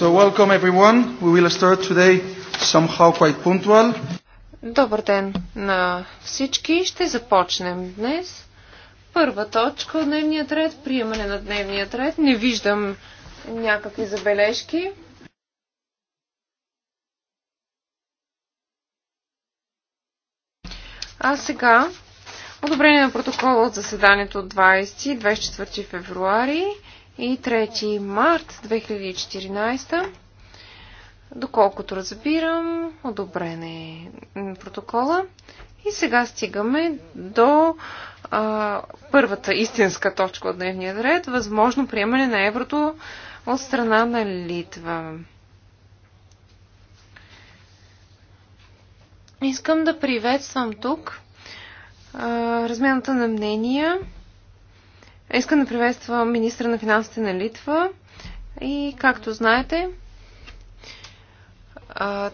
So welcome everyone. We will start today somehow quite punctual. Добър ден на всички. Ще започнем днес. Първа точка от дневния ред, приемане на дневния ред. Не виждам някакви забележки. А сега одобрение на протокола от заседанието от 20-24 февруари и 3 март 2014. Доколкото разбирам, одобрен е протокола. И сега стигаме до а, първата истинска точка от дневния ред възможно приемане на еврото от страна на Литва. Искам да приветствам тук размяната на мнения Искам да приветствам министра на финансите на Литва и, както знаете,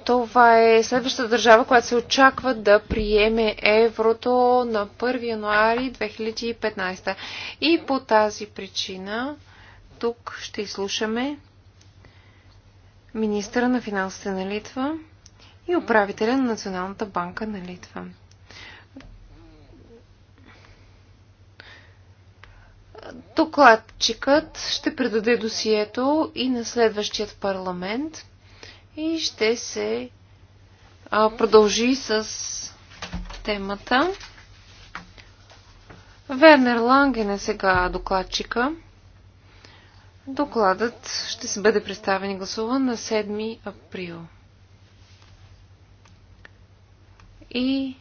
това е следващата държава, която се очаква да приеме еврото на 1 януари 2015. И по тази причина тук ще изслушаме министра на финансите на Литва и управителя на Националната банка на Литва. докладчикът ще предаде досието и на следващият парламент и ще се продължи с темата. Вернер Ланген е сега докладчика. Докладът ще се бъде представен и гласуван на 7 април. И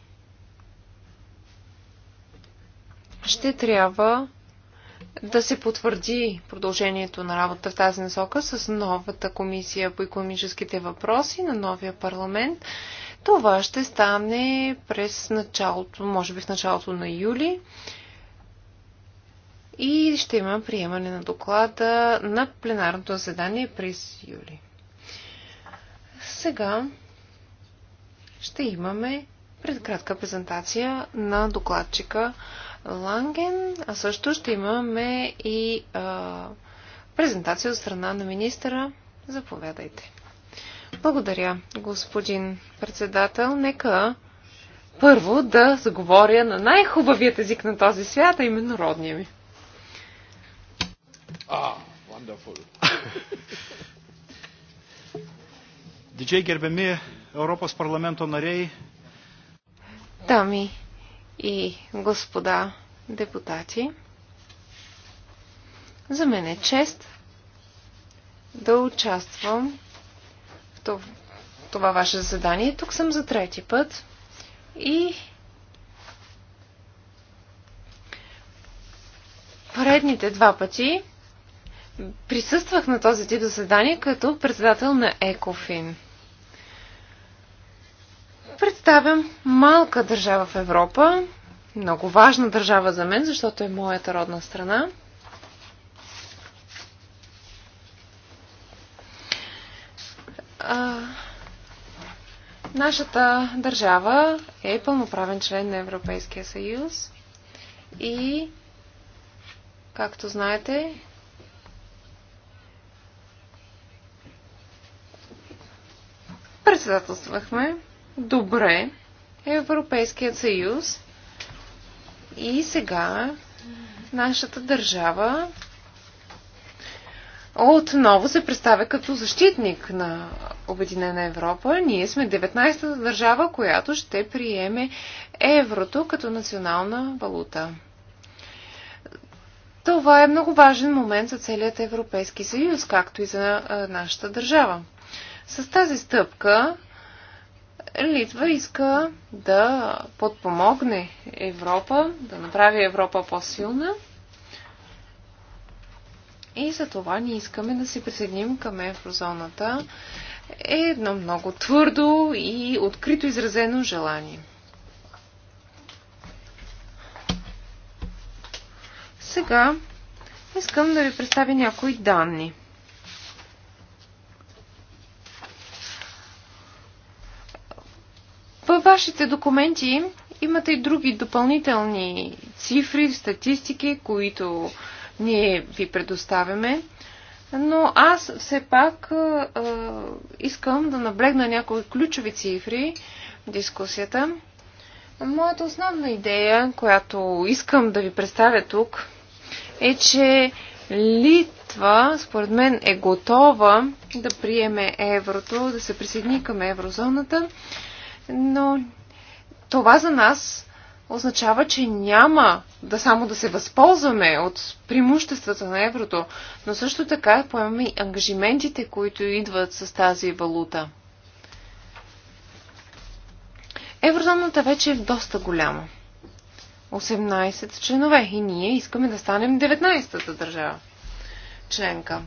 ще трябва да се потвърди продължението на работа в тази насока с новата комисия по економическите въпроси на новия парламент. Това ще стане през началото, може би в началото на юли. И ще има приемане на доклада на пленарното заседание през юли. Сега ще имаме пред кратка презентация на докладчика Ланген, а също ще имаме и а, презентация от страна на министъра. Заповядайте. Благодаря, господин председател. Нека първо да заговоря на най-хубавият език на този свят, а именно родния ми. А, wonderful. Didžiai gerbiami Europos parlamento nariai. Дами и господа депутати, за мен е чест да участвам в това, ваше заседание. Тук съм за трети път и предните два пъти присъствах на този тип заседание като председател на Екофин представям малка държава в Европа, много важна държава за мен, защото е моята родна страна. А, нашата държава е пълноправен член на Европейския съюз и, както знаете, председателствахме добре Европейският съюз и сега нашата държава отново се представя като защитник на Обединена Европа. Ние сме 19-та държава, която ще приеме еврото като национална валута. Това е много важен момент за целият Европейски съюз, както и за нашата държава. С тази стъпка Литва иска да подпомогне Европа, да направи Европа по-силна. И за това ние искаме да се присъединим към еврозоната. Е едно много твърдо и открито изразено желание. Сега искам да ви представя някои данни. вашите документи имате и други допълнителни цифри, статистики, които ние ви предоставяме. Но аз все пак е, искам да наблегна някои ключови цифри в дискусията. Моята основна идея, която искам да ви представя тук, е, че Литва, според мен, е готова да приеме еврото, да се присъедини към еврозоната но това за нас означава, че няма да само да се възползваме от преимуществата на еврото, но също така поемаме и ангажиментите, които идват с тази валута. Еврозоната вече е доста голяма. 18 членове и ние искаме да станем 19-та държава членка.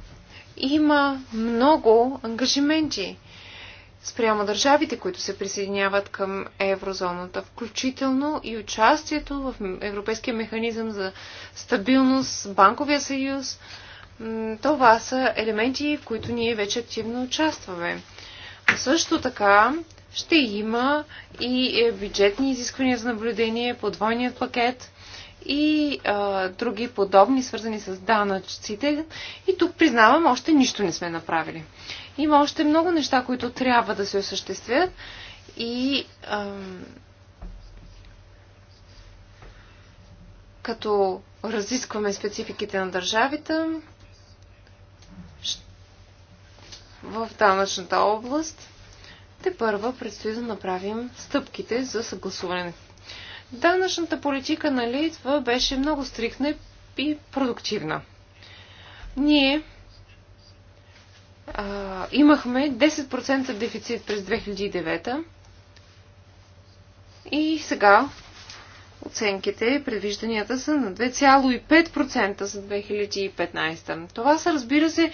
Има много ангажименти спрямо държавите, които се присъединяват към еврозоната, включително и участието в Европейския механизъм за стабилност, банковия съюз. Това са елементи, в които ние вече активно участваме. Също така ще има и е, бюджетни изисквания за наблюдение подвойният пакет и а, други подобни, свързани с данъчците. И тук признавам, още нищо не сме направили. Има още много неща, които трябва да се осъществят и ам, като разискваме спецификите на държавите в данъчната област, те първа предстои да направим стъпките за съгласуване. Данъчната политика на Литва беше много стрикна и продуктивна. Ние а, имахме 10% дефицит през 2009 и сега оценките, предвижданията са на 2,5% за 2015. Това са, разбира се,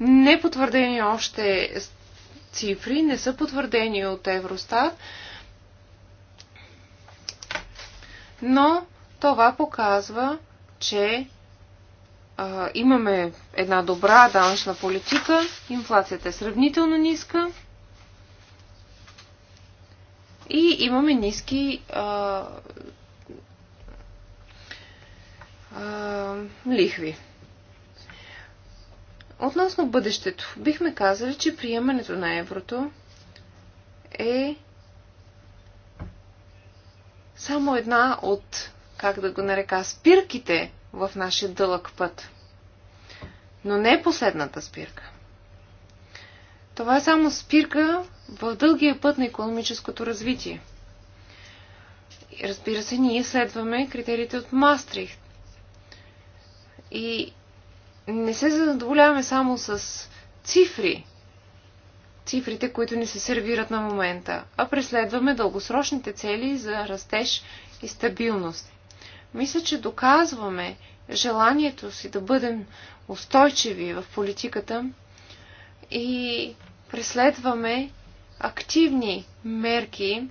непотвърдени още цифри, не са потвърдени от Евростат, но това показва, че а, имаме една добра данъчна политика, инфлацията е сравнително ниска и имаме ниски а, а, лихви. Относно бъдещето, бихме казали, че приемането на еврото е само една от, как да го нарека, спирките – в нашия дълъг път. Но не е последната спирка. Това е само спирка в дългия път на економическото развитие. И разбира се, ние следваме критериите от Мастрихт. И не се задоволяваме само с цифри, цифрите, които ни се сервират на момента, а преследваме дългосрочните цели за растеж и стабилност. Мисля, че доказваме желанието си да бъдем устойчиви в политиката и преследваме активни мерки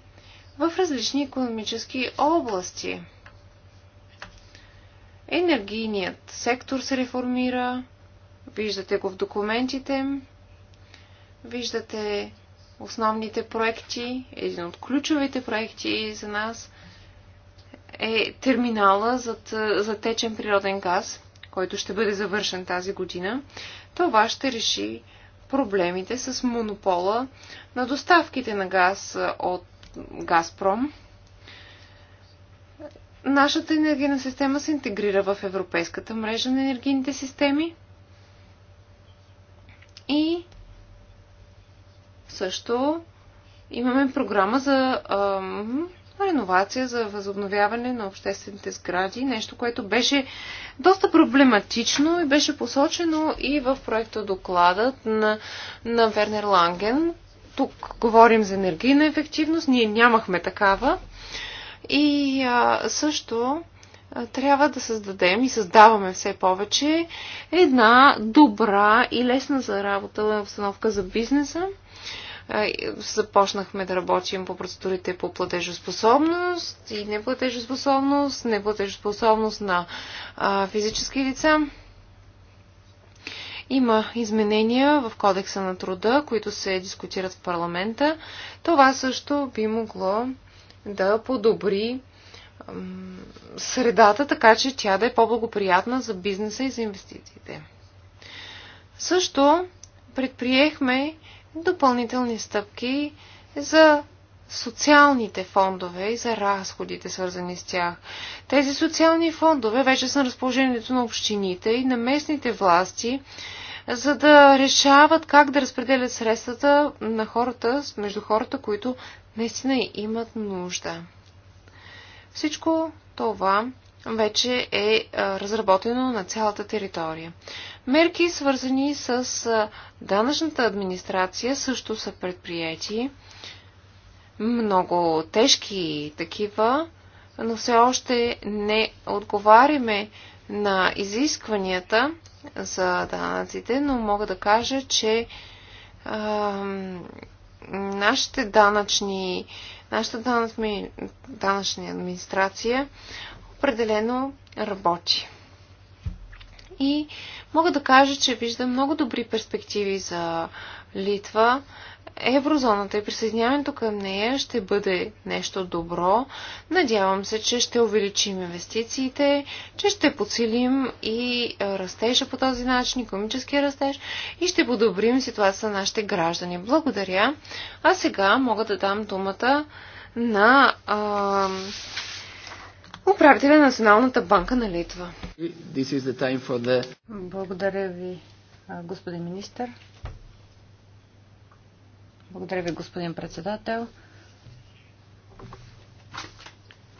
в различни економически области. Енергийният сектор се реформира, виждате го в документите, виждате основните проекти, един от ключовите проекти за нас е терминала за, за течен природен газ, който ще бъде завършен тази година. Това ще реши проблемите с монопола на доставките на газ от Газпром. Нашата енергийна система се интегрира в Европейската мрежа на енергийните системи и също имаме програма за ам, реновация, за възобновяване на обществените сгради, нещо, което беше доста проблематично и беше посочено и в проекта докладът на, на Вернер Ланген. Тук говорим за енергийна ефективност, ние нямахме такава. И а, също трябва да създадем и създаваме все повече една добра и лесна за работа обстановка за бизнеса, започнахме да работим по процедурите по платежоспособност и неплатежоспособност, неплатежоспособност на физически лица. Има изменения в Кодекса на труда, които се дискутират в парламента. Това също би могло да подобри средата, така че тя да е по-благоприятна за бизнеса и за инвестициите. Също предприехме допълнителни стъпки за социалните фондове и за разходите, свързани с тях. Тези социални фондове вече са на разположението на общините и на местните власти, за да решават как да разпределят средствата на хората, между хората, които наистина имат нужда. Всичко това вече е разработено на цялата територия. Мерки, свързани с данъчната администрация, също са предприяти. Много тежки такива, но все още не отговаряме на изискванията за данъците, но мога да кажа, че а, нашите данъчни, нашата данъчна администрация определено работи. И мога да кажа, че виждам много добри перспективи за Литва. Еврозоната и присъединяването към нея ще бъде нещо добро. Надявам се, че ще увеличим инвестициите, че ще подсилим и растежа по този начин, економическия растеж и ще подобрим ситуацията на нашите граждани. Благодаря. А сега мога да дам думата на а, управителя на Националната банка на Литва. The... Благодаря ви, господин министр. Благодаря ви, господин председател.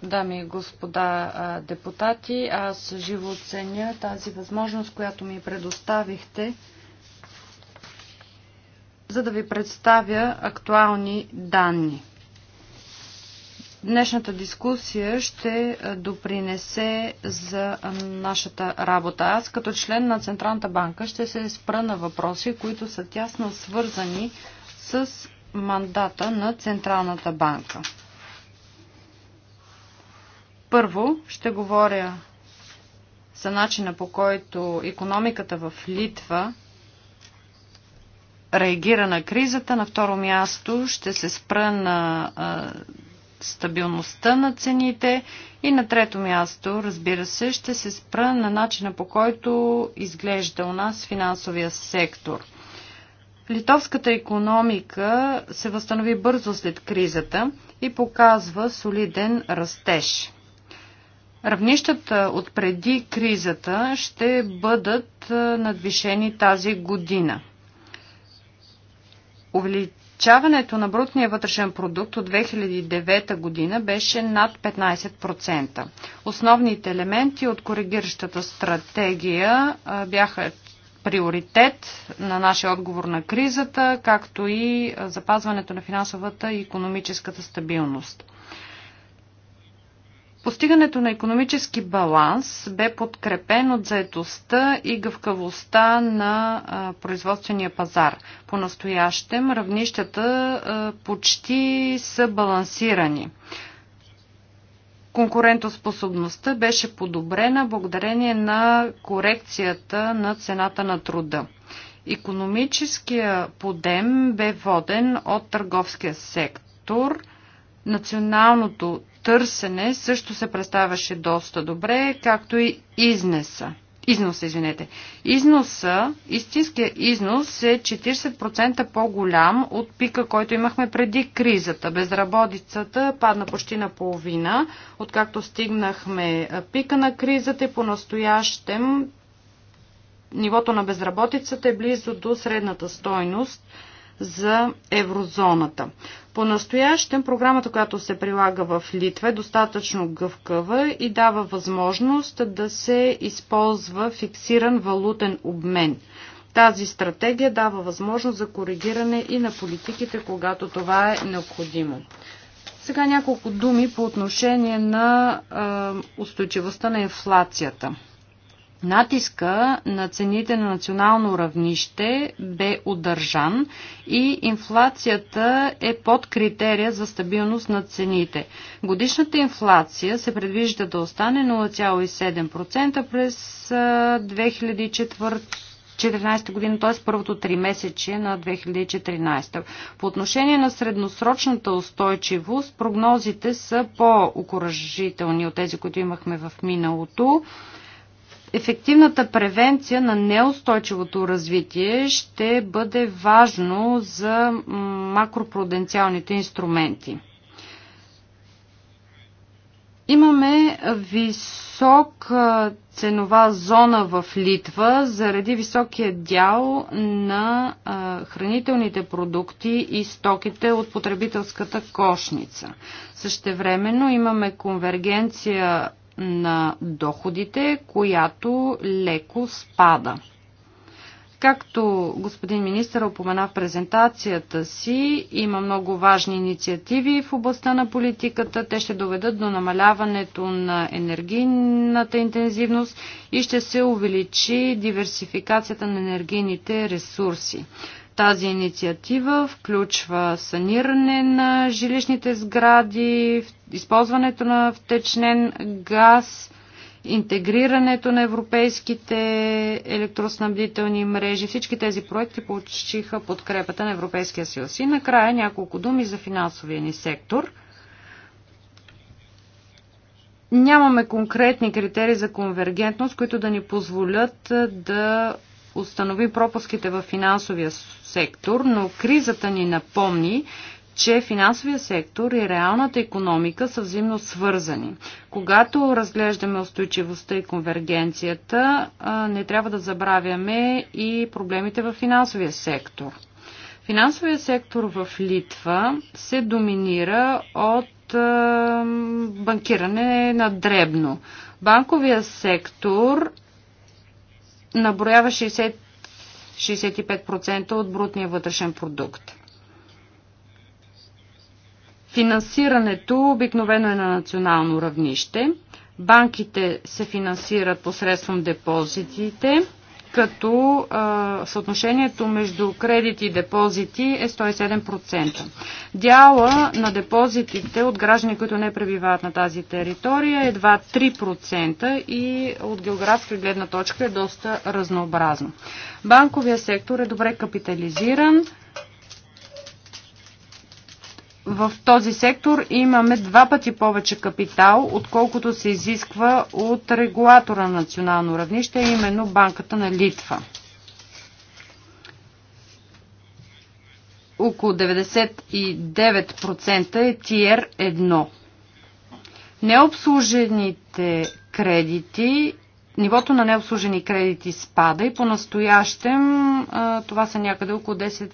Дами и господа депутати, аз живо оценя тази възможност, която ми предоставихте, за да ви представя актуални данни. Днешната дискусия ще е, допринесе за е, нашата работа. Аз като член на Централната банка ще се спра на въпроси, които са тясно свързани с мандата на Централната банка. Първо ще говоря за начина по който економиката в Литва реагира на кризата. На второ място ще се спра на е, стабилността на цените и на трето място, разбира се, ще се спра на начина по който изглежда у нас финансовия сектор. Литовската економика се възстанови бързо след кризата и показва солиден растеж. Равнищата от преди кризата ще бъдат надвишени тази година увеличаването на брутния вътрешен продукт от 2009 година беше над 15%. Основните елементи от коригиращата стратегия бяха приоритет на нашия отговор на кризата, както и запазването на финансовата и економическата стабилност. Постигането на економически баланс бе подкрепен от заетостта и гъвкавостта на а, производствения пазар. По-настоящем равнищата а, почти са балансирани. Конкурентоспособността беше подобрена благодарение на корекцията на цената на труда. Економическия подем бе воден от търговския сектор – националното търсене също се представяше доста добре, както и изнеса. Износа, извинете. Износа, истинския износ е 40% по-голям от пика, който имахме преди кризата. Безработицата падна почти на половина, откакто стигнахме пика на кризата и по-настоящем нивото на безработицата е близо до средната стойност – за еврозоната. По-настоящем програмата, която се прилага в Литва е достатъчно гъвкава и дава възможност да се използва фиксиран валутен обмен. Тази стратегия дава възможност за коригиране и на политиките, когато това е необходимо. Сега няколко думи по отношение на е, устойчивостта на инфлацията. Натиска на цените на национално равнище бе удържан и инфлацията е под критерия за стабилност на цените. Годишната инфлация се предвижда да остане 0,7% през 2014 година, т.е. първото три месече на 2014. По отношение на средносрочната устойчивост, прогнозите са по-окоръжителни от тези, които имахме в миналото. Ефективната превенция на неустойчивото развитие ще бъде важно за макропруденциалните инструменти. Имаме висок ценова зона в Литва заради високия дял на хранителните продукти и стоките от потребителската кошница. Същевременно имаме конвергенция на доходите, която леко спада. Както господин министър опомена в презентацията си, има много важни инициативи в областта на политиката. Те ще доведат до намаляването на енергийната интензивност и ще се увеличи диверсификацията на енергийните ресурси. Тази инициатива включва саниране на жилищните сгради, в използването на втечнен газ, интегрирането на европейските електроснабдителни мрежи. Всички тези проекти получиха подкрепата на Европейския съюз. И накрая няколко думи за финансовия ни сектор – нямаме конкретни критерии за конвергентност, които да ни позволят да установим пропуските в финансовия сектор, но кризата ни напомни, че финансовия сектор и реалната економика са взаимно свързани. Когато разглеждаме устойчивостта и конвергенцията, не трябва да забравяме и проблемите в финансовия сектор. Финансовия сектор в Литва се доминира от банкиране на дребно. Банковия сектор наброява 60, 65% от брутния вътрешен продукт. Финансирането обикновено е на национално равнище. Банките се финансират посредством депозитите, като а, съотношението между кредити и депозити е 107%. Дяла на депозитите от граждани, които не пребивават на тази територия е 2 3% и от географска гледна точка е доста разнообразно. Банковия сектор е добре капитализиран, в този сектор имаме два пъти повече капитал, отколкото се изисква от регулатора на национално равнище, именно Банката на Литва. Около 99% е Тиер 1. Необслужените кредити нивото на необслужени кредити спада и по-настоящем това са някъде около 10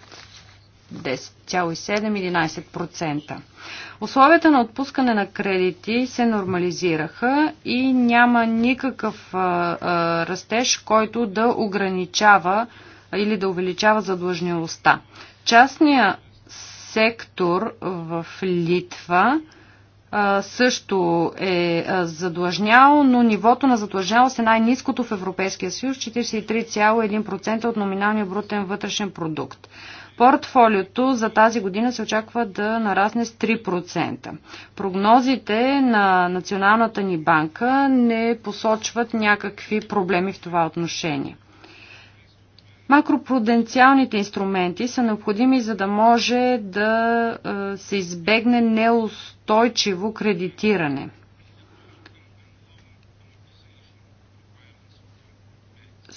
10,7-11%. Условията на отпускане на кредити се нормализираха и няма никакъв а, а, растеж, който да ограничава или да увеличава задлъжнилостта. Частния сектор в Литва а, също е задлъжнял, но нивото на задлъжнялост е най-низкото в Европейския съюз 43,1% от номиналния брутен вътрешен продукт. Портфолиото за тази година се очаква да нарасне с 3%. Прогнозите на Националната ни банка не посочват някакви проблеми в това отношение. Макропруденциалните инструменти са необходими, за да може да се избегне неустойчиво кредитиране –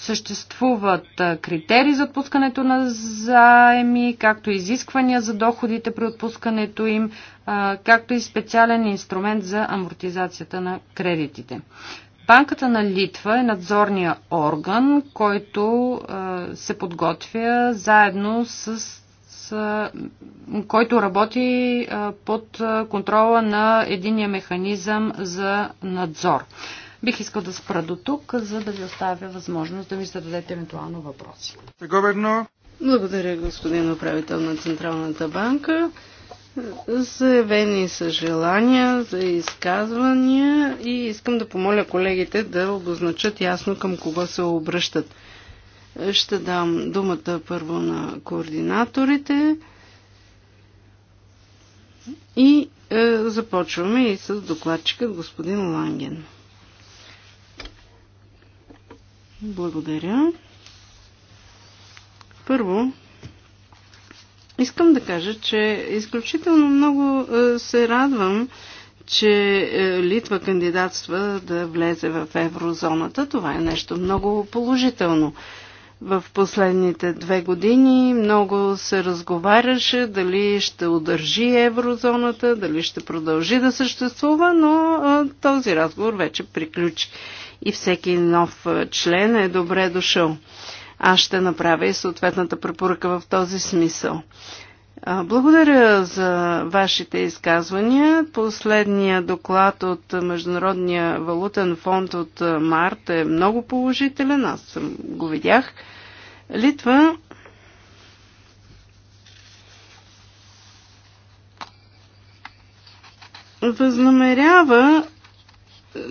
Съществуват критерии за отпускането на заеми, както и изисквания за доходите при отпускането им, както и специален инструмент за амортизацията на кредитите. Банката на Литва е надзорния орган, който се подготвя заедно с който работи под контрола на единия механизъм за надзор. Бих искал да спра до тук, за да ви оставя възможност да ми зададете евентуално въпроси. Благодаря, господин управител на Централната банка. Заявени са желания за изказвания и искам да помоля колегите да обозначат ясно към кого се обръщат. Ще дам думата първо на координаторите и е, започваме и с докладчика господин Ланген. Благодаря. Първо, искам да кажа, че изключително много е, се радвам, че е, Литва кандидатства да влезе в еврозоната. Това е нещо много положително. В последните две години много се разговаряше дали ще удържи еврозоната, дали ще продължи да съществува, но е, този разговор вече приключи и всеки нов е, член е добре дошъл. Аз ще направя и съответната препоръка в този смисъл. Благодаря за вашите изказвания. Последния доклад от Международния валутен фонд от март е много положителен. Аз съм го видях. Литва възнамерява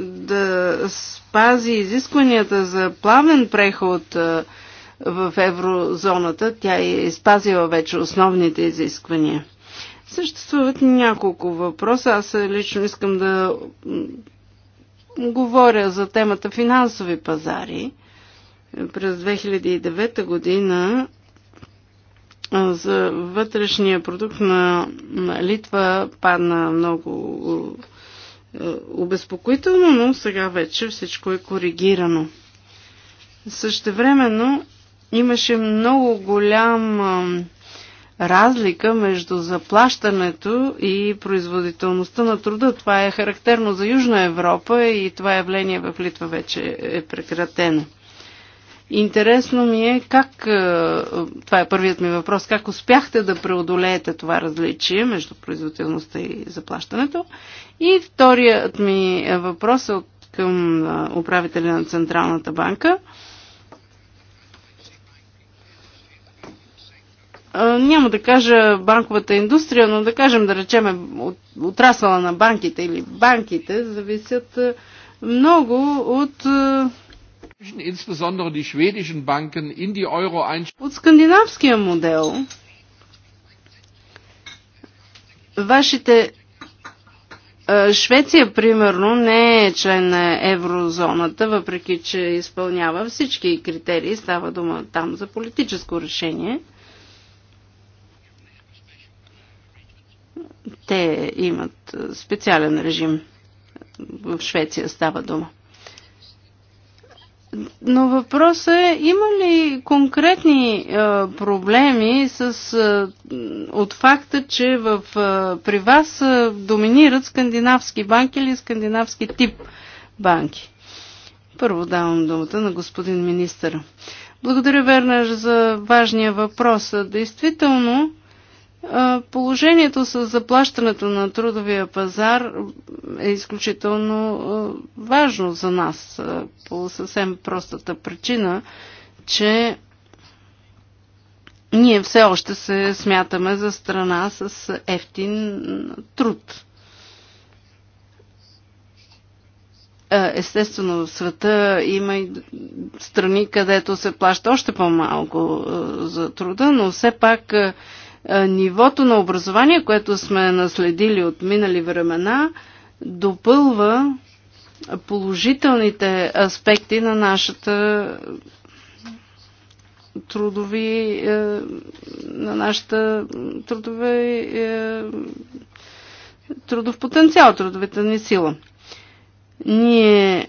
да спази изискванията за плавен преход в еврозоната, тя е изпазила вече основните изисквания. Съществуват няколко въпроса. Аз лично искам да говоря за темата финансови пазари. През 2009 година за вътрешния продукт на Литва падна много е, обезпокоително, но сега вече всичко е коригирано. Същевременно имаше много голям разлика между заплащането и производителността на труда. Това е характерно за Южна Европа и това явление в Литва вече е прекратено. Интересно ми е как, е, това е първият ми въпрос, как успяхте да преодолеете това различие между производителността и заплащането. И вторият ми въпрос е към е, управителя на Централната банка. Е, няма да кажа банковата индустрия, но да кажем, да речеме, от, отрасъла на банките или банките зависят много от от скандинавския модел вашите Швеция, примерно, не е член на еврозоната, въпреки че изпълнява всички критерии. Става дума там за политическо решение. Те имат специален режим. В Швеция става дума. Но въпросът е, има ли конкретни е, проблеми с, е, от факта, че в, е, при вас е, доминират скандинавски банки или скандинавски тип банки? Първо давам думата на господин министър. Благодаря, Вернер, за важния въпрос. Действително, Положението с заплащането на трудовия пазар е изключително важно за нас по съвсем простата причина, че ние все още се смятаме за страна с ефтин труд. Естествено, в света има и страни, където се плаща още по-малко за труда, но все пак е, нивото на образование, което сме наследили от минали времена, допълва положителните аспекти на нашата трудови, е, на нашата трудове трудов потенциал, трудовите ни сила. Ние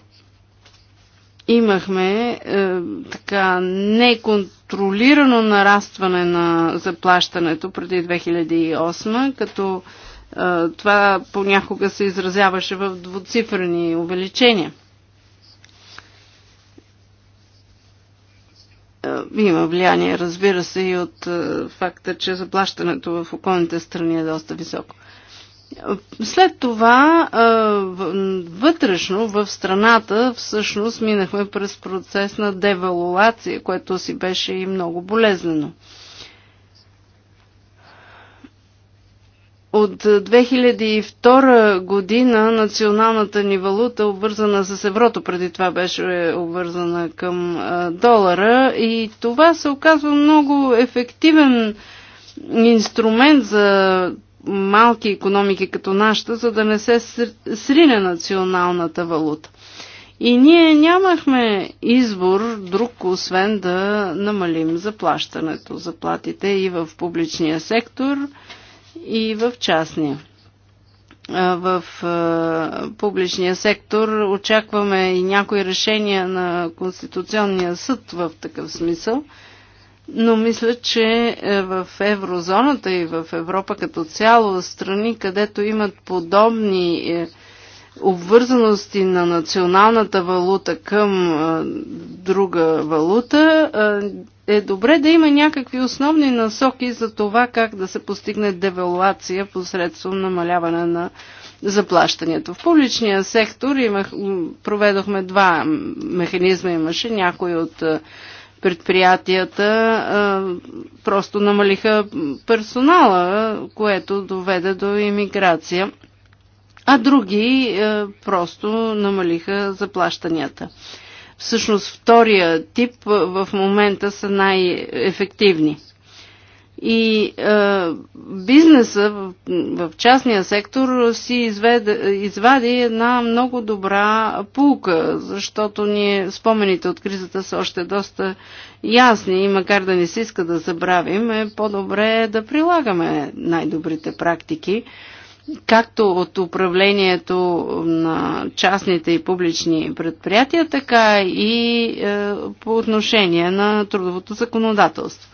имахме е, така неконтролирани контролирано нарастване на заплащането преди 2008, като това понякога се изразяваше в двуцифрени увеличения. Има влияние, разбира се, и от факта, че заплащането в околните страни е доста високо. След това вътрешно в страната всъщност минахме през процес на девалуация, което си беше и много болезнено. От 2002 година националната ни валута, е обвързана с еврото, преди това беше обвързана към долара и това се оказва много ефективен инструмент за малки економики като нашата, за да не се срине националната валута. И ние нямахме избор друг, освен да намалим заплащането, заплатите и в публичния сектор, и в частния. В публичния сектор очакваме и някои решения на Конституционния съд в такъв смисъл – но мисля, че е, в еврозоната и в Европа като цяло страни, където имат подобни е, обвързаности на националната валута към е, друга валута, е добре да има някакви основни насоки за това как да се постигне девалуация посредством намаляване на заплащането. В публичния сектор имах, проведохме два механизма, имаше някои от предприятията просто намалиха персонала, което доведе до иммиграция, а други просто намалиха заплащанията. Всъщност втория тип в момента са най-ефективни. И е, бизнеса в, в частния сектор си изведе, извади една много добра пулка, защото ние спомените от кризата са още доста ясни и макар да не се иска да забравим, е по-добре да прилагаме най-добрите практики, както от управлението на частните и публични предприятия, така и е, по отношение на трудовото законодателство.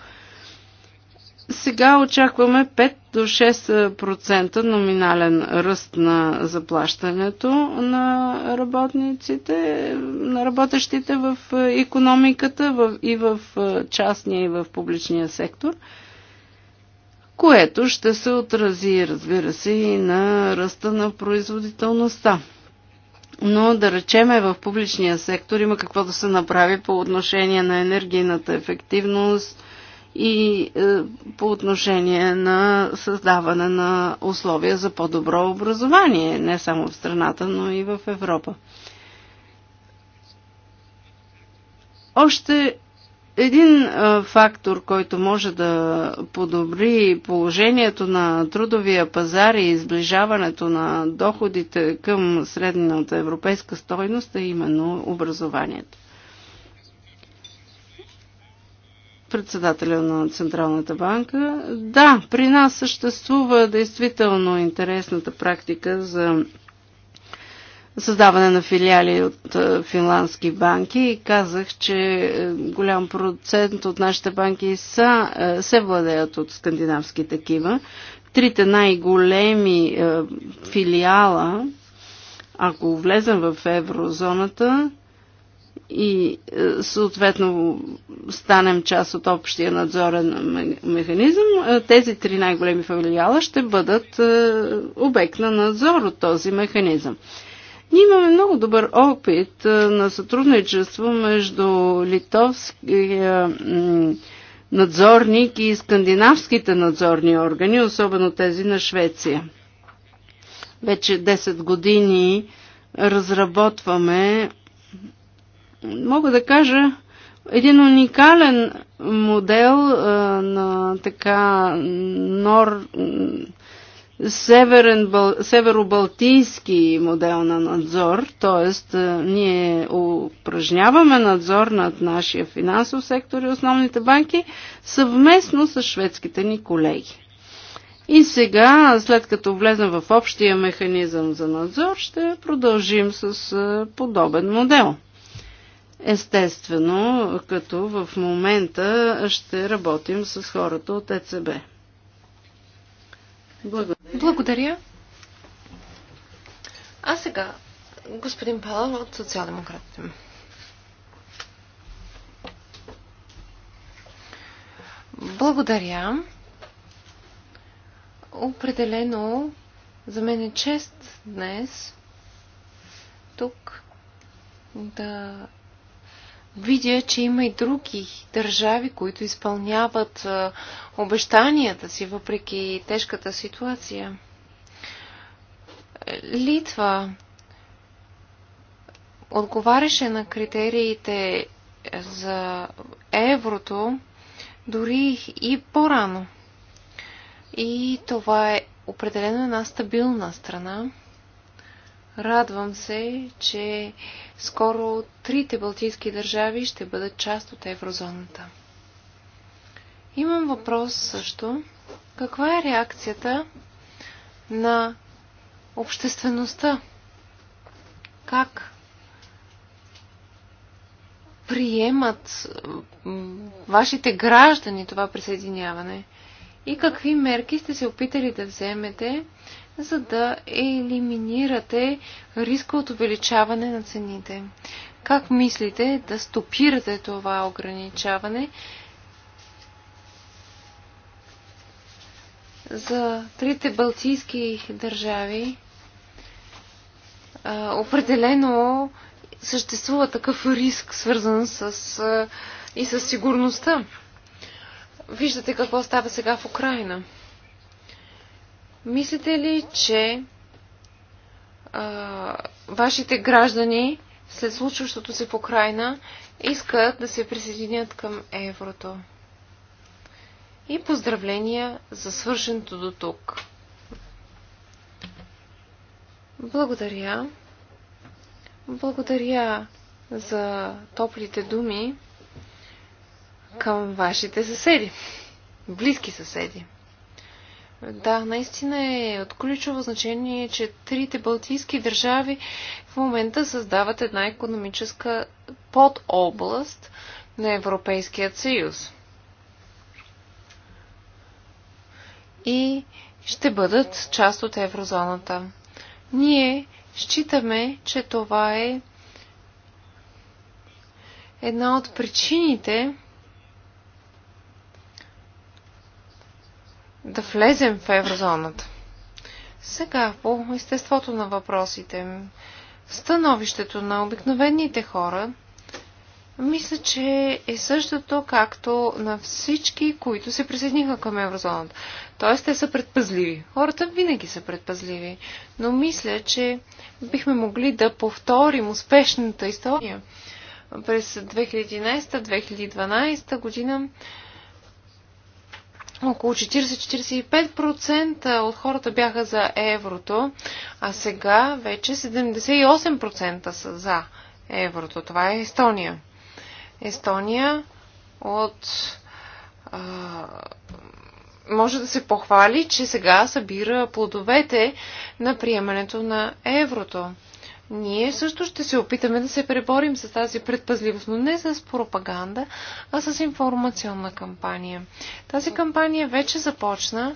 Сега очакваме 5 до 6% е, номинален ръст на заплащането на работниците, на работещите в економиката в, и в е, частния и в публичния сектор, което ще се отрази, разбира се, и на ръста на производителността. Но да речеме в публичния сектор има какво да се направи по отношение на енергийната ефективност, и е, по отношение на създаване на условия за по-добро образование, не само в страната, но и в Европа. Още един е, фактор, който може да подобри положението на трудовия пазар и изближаването на доходите към средната европейска стойност е именно образованието. председателя на Централната банка. Да, при нас съществува действително интересната практика за създаване на филиали от е, финландски банки и казах, че е, голям процент от нашите банки са, е, се владеят от скандинавски такива. Трите най-големи филиала, ако влезем в еврозоната, и е, съответно станем част от общия надзорен механизъм, е, тези три най-големи филиала ще бъдат е, обект на надзор от този механизъм. Ние имаме много добър опит на сътрудничество между литовския надзорник и скандинавските надзорни органи, особено тези на Швеция. Вече 10 години разработваме мога да кажа, един уникален модел а, на така нор, северен, северобалтийски модел на надзор, т.е. ние упражняваме надзор над нашия финансов сектор и основните банки съвместно с шведските ни колеги. И сега, след като влезем в общия механизъм за надзор, ще продължим с подобен модел. Естествено, като в момента ще работим с хората от ЕЦБ. Благодаря. Благодаря. А сега, господин Палан от социал-демократите. Благодаря. Определено за мен е чест днес тук да видя, че има и други държави, които изпълняват обещанията си, въпреки тежката ситуация. Литва отговаряше на критериите е, за еврото дори и по-рано. И това е определено една стабилна страна, Радвам се, че скоро трите балтийски държави ще бъдат част от еврозоната. Имам въпрос също. Каква е реакцията на обществеността? Как приемат вашите граждани това присъединяване? И какви мерки сте се опитали да вземете, за да елиминирате риска от увеличаване на цените. Как мислите да стопирате това ограничаване? За трите балтийски държави определено съществува такъв риск, свързан с, и с сигурността. Виждате какво става сега в Украина. Мислите ли, че а, вашите граждани след случващото се в Украина искат да се присъединят към еврото? И поздравления за свършеното до тук. Благодаря. Благодаря за топлите думи към вашите съседи, близки съседи. Да, наистина е от ключово значение, че трите балтийски държави в момента създават една економическа подобласт на Европейският съюз. И ще бъдат част от еврозоната. Ние считаме, че това е една от причините, да влезем в еврозоната. Сега, по естеството на въпросите, становището на обикновените хора, мисля, че е същото както на всички, които се присъединиха към еврозоната. Тоест, те са предпазливи. Хората винаги са предпазливи. Но мисля, че бихме могли да повторим успешната история през 2011-2012 година около 40-45% от хората бяха за еврото, а сега вече 78% са за еврото. Това е Естония. Естония от. А, може да се похвали, че сега събира плодовете на приемането на еврото. Ние също ще се опитаме да се преборим с тази предпазливост, но не с пропаганда, а с информационна кампания. Тази кампания вече започна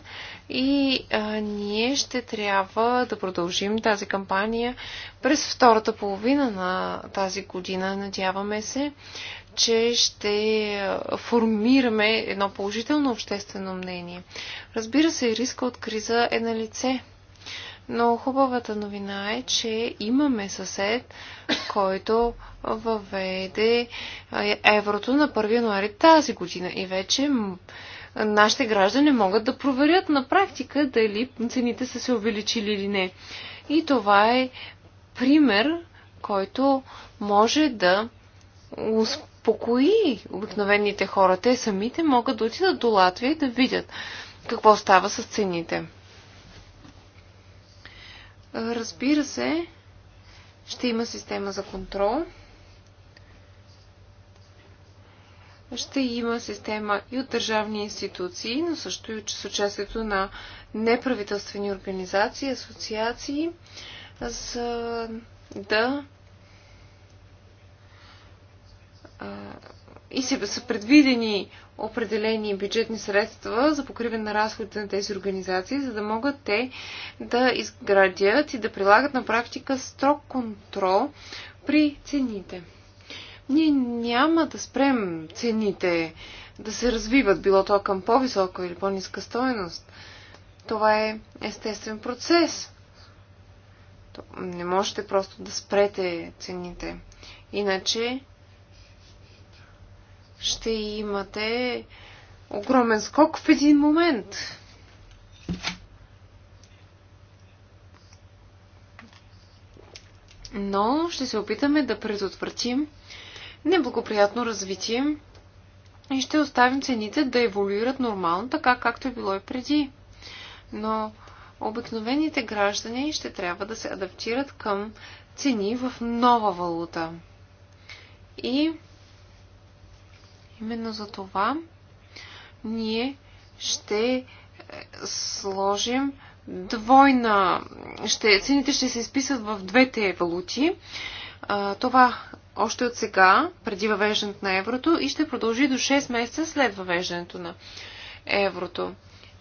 и а, ние ще трябва да продължим тази кампания през втората половина на тази година. Надяваме се, че ще формираме едно положително обществено мнение. Разбира се, риска от криза е на лице. Но хубавата новина е, че имаме съсед, който въведе еврото на 1 януари тази година и вече нашите граждани могат да проверят на практика дали цените са се увеличили или не. И това е пример, който може да успокои обикновените хора. Те самите могат да отидат до Латвия и да видят какво става с цените. Разбира се, ще има система за контрол. Ще има система и от държавни институции, но също и с участието на неправителствени организации, асоциации, за да и се, са предвидени определени бюджетни средства за покриване на разходите на тези организации, за да могат те да изградят и да прилагат на практика строг контрол при цените. Ние няма да спрем цените да се развиват, било то към по-висока или по-ниска стоеност. Това е естествен процес. Не можете просто да спрете цените. Иначе ще имате огромен скок в един момент. Но ще се опитаме да предотвратим неблагоприятно развитие и ще оставим цените да еволюират нормално, така както е било и преди. Но обикновените граждани ще трябва да се адаптират към цени в нова валута. И Именно за това ние ще е, сложим двойна... Ще, цените ще се изписат в двете валути. А, това още от сега, преди въвеждането на еврото и ще продължи до 6 месеца след въвеждането на еврото.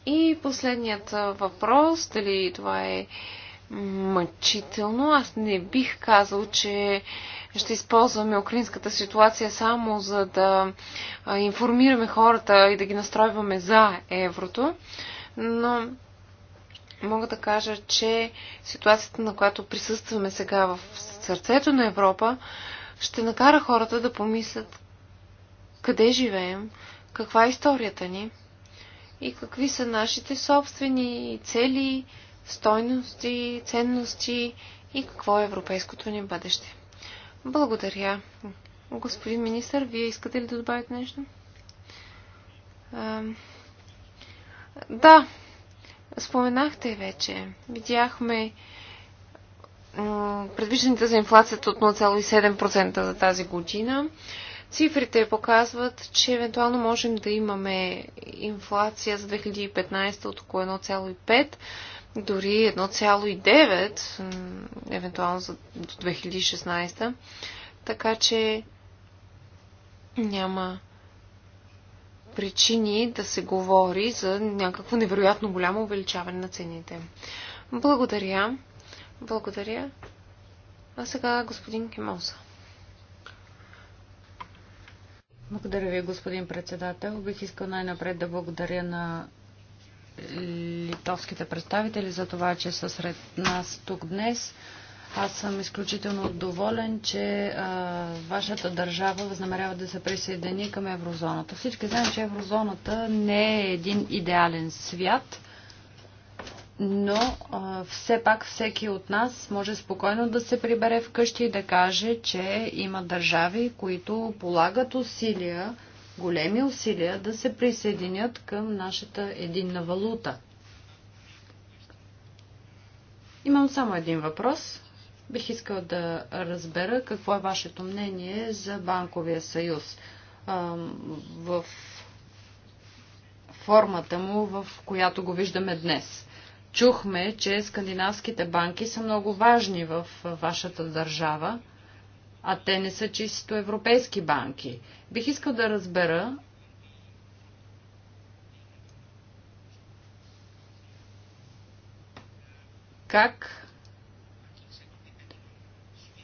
И последният въпрос, дали това е мъчително, аз не бих казал, че ще използваме украинската ситуация само за да информираме хората и да ги настройваме за еврото, но мога да кажа, че ситуацията, на която присъстваме сега в сърцето на Европа, ще накара хората да помислят къде живеем, каква е историята ни и какви са нашите собствени цели, стойности, ценности и какво е европейското ни бъдеще. Благодаря. Господин министър, вие искате ли да добавите нещо? А, да, споменахте вече. Видяхме предвижданите за инфлацията от 0,7% за тази година. Цифрите показват, че евентуално можем да имаме инфлация за 2015 от около 1,5% дори 1,9, евентуално за 2016. Така че няма причини да се говори за някакво невероятно голямо увеличаване на цените. Благодаря. Благодаря. А сега господин Кимоса. Благодаря ви, господин председател. Бих искал най-напред да благодаря на литовските представители за това, че са сред нас тук днес. Аз съм изключително доволен, че а, вашата държава възнамерява да се присъедини към еврозоната. Всички знаем, че еврозоната не е един идеален свят, но а, все пак всеки от нас може спокойно да се прибере вкъщи и да каже, че има държави, които полагат усилия големи усилия да се присъединят към нашата единна валута. Имам само един въпрос. Бих искал да разбера какво е вашето мнение за банковия съюз в формата му, в която го виждаме днес. Чухме, че скандинавските банки са много важни в вашата държава а те не са чисто европейски банки. Бих искал да разбера как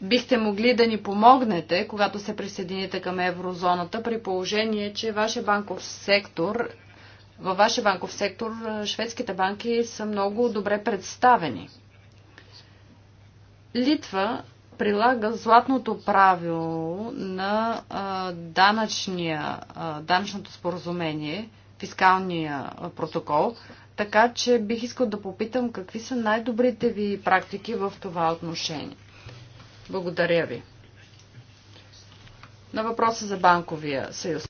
бихте могли да ни помогнете, когато се присъедините към еврозоната, при положение, че вашия банков сектор, във вашия банков сектор шведските банки са много добре представени. Литва прилага златното правило на данъчния, данъчното споразумение, фискалния протокол, така че бих искал да попитам какви са най-добрите ви практики в това отношение. Благодаря ви. На въпроса за банковия съюз.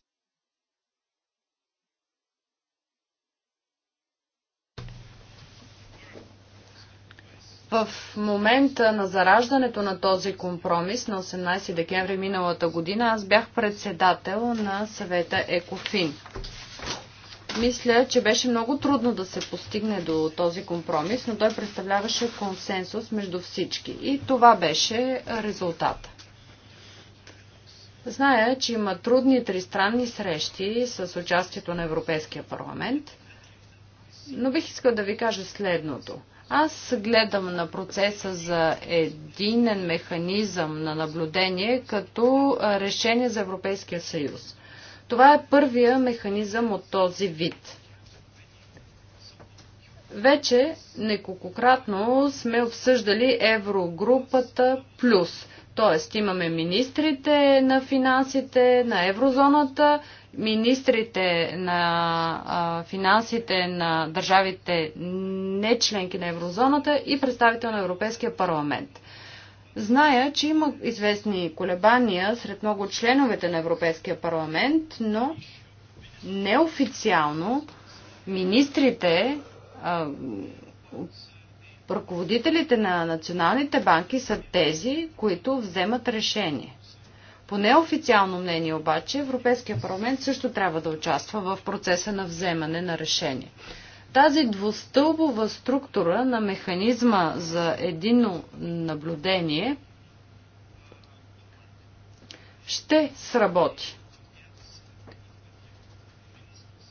В момента на зараждането на този компромис на 18 декември миналата година аз бях председател на съвета ЕКОФИН. Мисля, че беше много трудно да се постигне до този компромис, но той представляваше консенсус между всички. И това беше резултат. Зная, че има трудни тристранни срещи с участието на Европейския парламент, но бих искал да ви кажа следното. Аз гледам на процеса за единен механизъм на наблюдение като решение за Европейския съюз. Това е първия механизъм от този вид. Вече неколкократно сме обсъждали Еврогрупата плюс. Тоест имаме министрите на финансите на еврозоната министрите на финансите на държавите не членки на еврозоната и представител на Европейския парламент. Зная, че има известни колебания сред много от членовете на Европейския парламент, но неофициално министрите, ръководителите на националните банки са тези, които вземат решение. По неофициално мнение обаче Европейския парламент също трябва да участва в процеса на вземане на решение. Тази двустълбова структура на механизма за едино наблюдение ще сработи.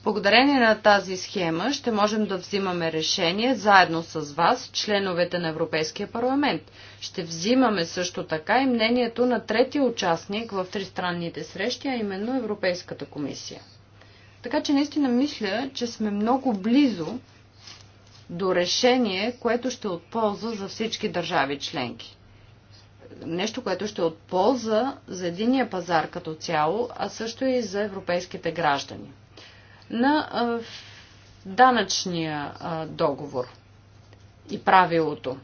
Благодарение на тази схема ще можем да взимаме решение заедно с вас, членовете на Европейския парламент. Ще взимаме също така и мнението на третия участник в тристранните срещи, а именно Европейската комисия. Така че наистина мисля, че сме много близо до решение, което ще е отполза за всички държави членки. Нещо, което ще е отполза за единия пазар като цяло, а също и за европейските граждани на данъчния договор и правилото.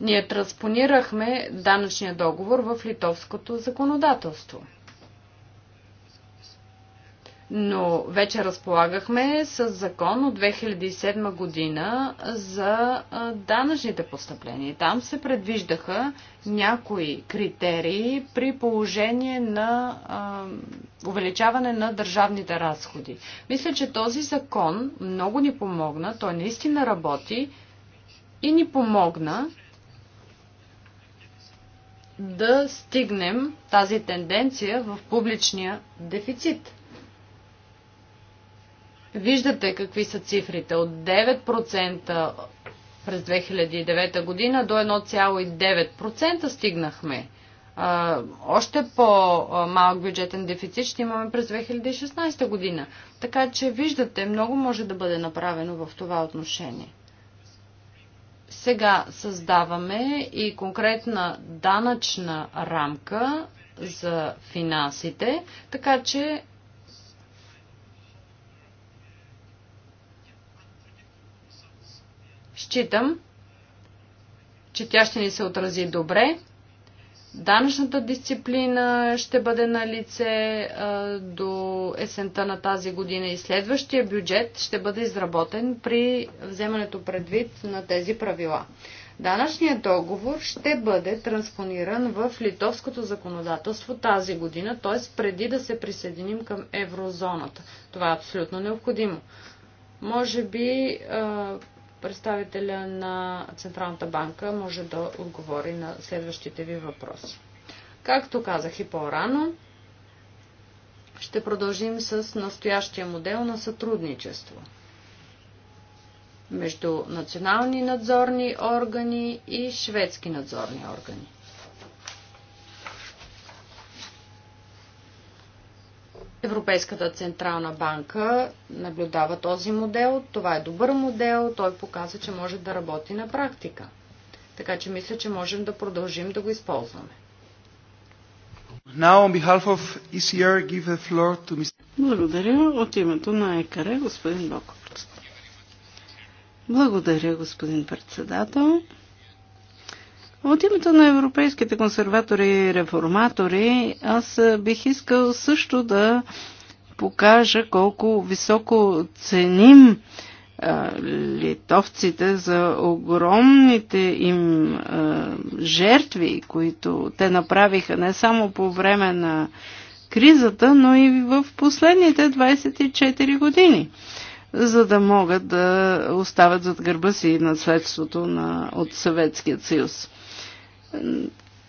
Ние транспонирахме данъчния договор в литовското законодателство но вече разполагахме с закон от 2007 година за данъчните постъпления. Там се предвиждаха някои критерии при положение на увеличаване на държавните разходи. Мисля, че този закон много ни помогна, той наистина работи и ни помогна да стигнем тази тенденция в публичния дефицит – Виждате какви са цифрите. От 9% през 2009 година до 1,9% стигнахме. Още по-малък бюджетен дефицит ще имаме през 2016 година. Така че виждате, много може да бъде направено в това отношение. Сега създаваме и конкретна данъчна рамка за финансите, така че Считам, че тя ще ни се отрази добре. Данъчната дисциплина ще бъде на лице до есента на тази година и следващия бюджет ще бъде изработен при вземането предвид на тези правила. Данъчният договор ще бъде транспониран в литовското законодателство тази година, т.е. преди да се присъединим към еврозоната. Това е абсолютно необходимо. Може би представителя на Централната банка може да отговори на следващите ви въпроси. Както казах и по-рано, ще продължим с настоящия модел на сътрудничество между национални надзорни органи и шведски надзорни органи. Европейската централна банка наблюдава този модел. Това е добър модел. Той показва, че може да работи на практика. Така че мисля, че можем да продължим да го използваме. Now on behalf of ECR, give the floor to Mr. Благодаря от името на ЕКАРЕ, господин Боков. Благодаря, господин председател. От името на европейските консерватори и реформатори, аз бих искал също да покажа колко високо ценим литовците за огромните им жертви, които те направиха не само по време на кризата, но и в последните 24 години, за да могат да оставят зад гърба си наследството на, от Съветският съюз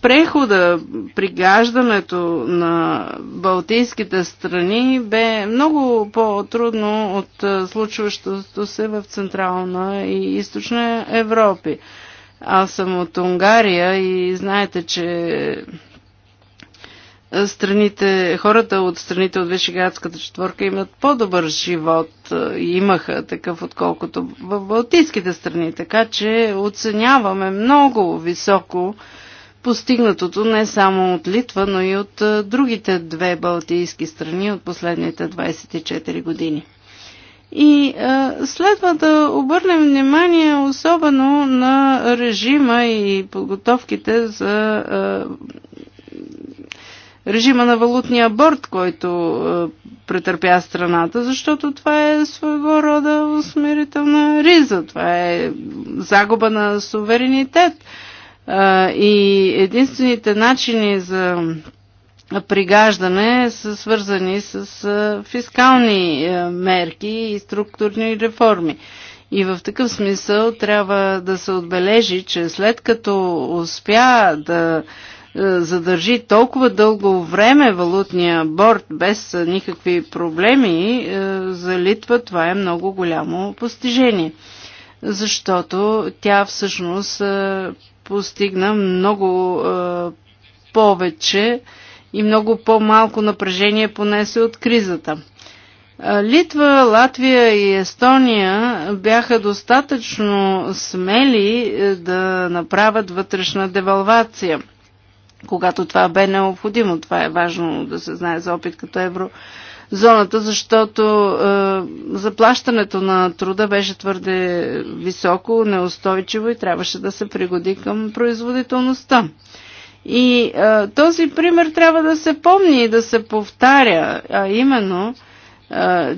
прехода, пригаждането на балтийските страни бе много по-трудно от случващото се в Централна и Източна Европи. Аз съм от Унгария и знаете, че е, страните, хората от страните от Вишеградската четворка имат по-добър живот е, и имаха такъв, отколкото в Балтийските страни. Така че оценяваме много високо постигнатото не само от Литва, но и от е, другите две балтийски страни от последните 24 години. И а, следва да обърнем внимание особено на режима и подготовките за а, режима на валутния борт, който е, претърпя страната, защото това е своего рода усмирителна риза, това е загуба на суверенитет. Е, и единствените начини за пригаждане са свързани с е, фискални мерки и структурни реформи. И в такъв смисъл трябва да се отбележи, че след като успя да е, задържи толкова дълго време валутния борт без е, никакви проблеми, е, за Литва това е много голямо постижение. Защото тя всъщност постигна много повече и много по-малко напрежение понесе от кризата. Литва, Латвия и Естония бяха достатъчно смели да направят вътрешна девалвация – когато това бе необходимо. Това е важно да се знае за опит като еврозоната, защото е, заплащането на труда беше твърде високо, неустойчиво и трябваше да се пригоди към производителността. И е, този пример трябва да се помни и да се повтаря, а именно е,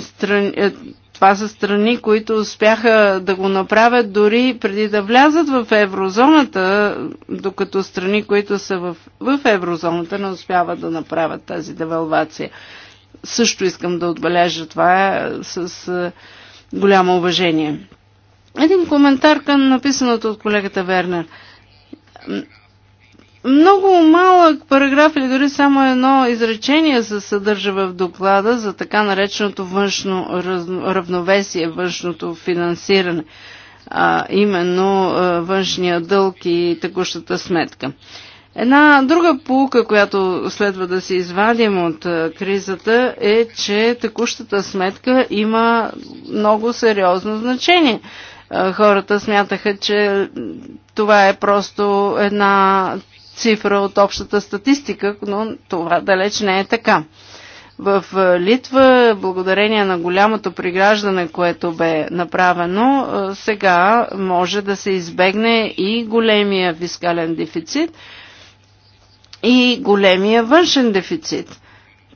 стран... Е, това са страни, които успяха да го направят дори преди да влязат в еврозоната, докато страни, които са в, в еврозоната, не успяват да направят тази девалвация. Също искам да отбележа това е с е, голямо уважение. Един коментар към написаното от колегата Вернер. Много малък параграф или дори само едно изречение се съдържа в доклада за така нареченото външно равновесие, външното финансиране, а, именно външния дълг и текущата сметка. Една друга полука, която следва да се извадим от кризата е, че текущата сметка има много сериозно значение хората смятаха, че това е просто една цифра от общата статистика, но това далеч не е така. В Литва, благодарение на голямото приграждане, което бе направено, сега може да се избегне и големия фискален дефицит и големия външен дефицит.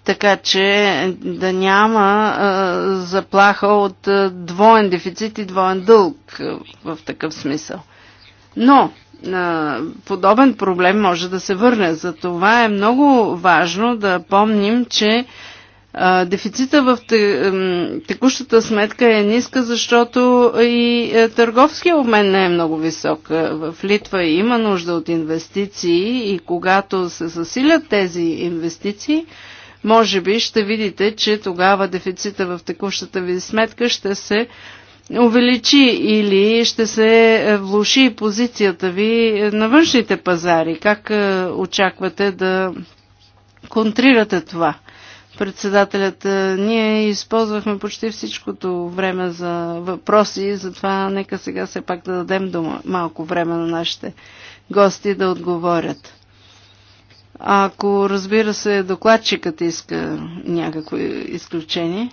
Така че да няма а, заплаха от а, двоен дефицит и двоен дълг в такъв смисъл. Но подобен проблем може да се върне. Затова е много важно да помним, че дефицита в текущата сметка е ниска, защото и е, търговския обмен не е много висок. Е, в Литва има нужда от инвестиции и когато се засилят тези инвестиции, може би ще видите, че тогава дефицита в текущата ви сметка ще се увеличи или ще се влуши позицията ви на външните пазари? Как е, очаквате да контрирате това? Председателят, е, ние използвахме почти всичкото време за въпроси, затова нека сега все пак да дадем дума, малко време на нашите гости да отговорят. Ако, разбира се, докладчикът иска някакво изключение.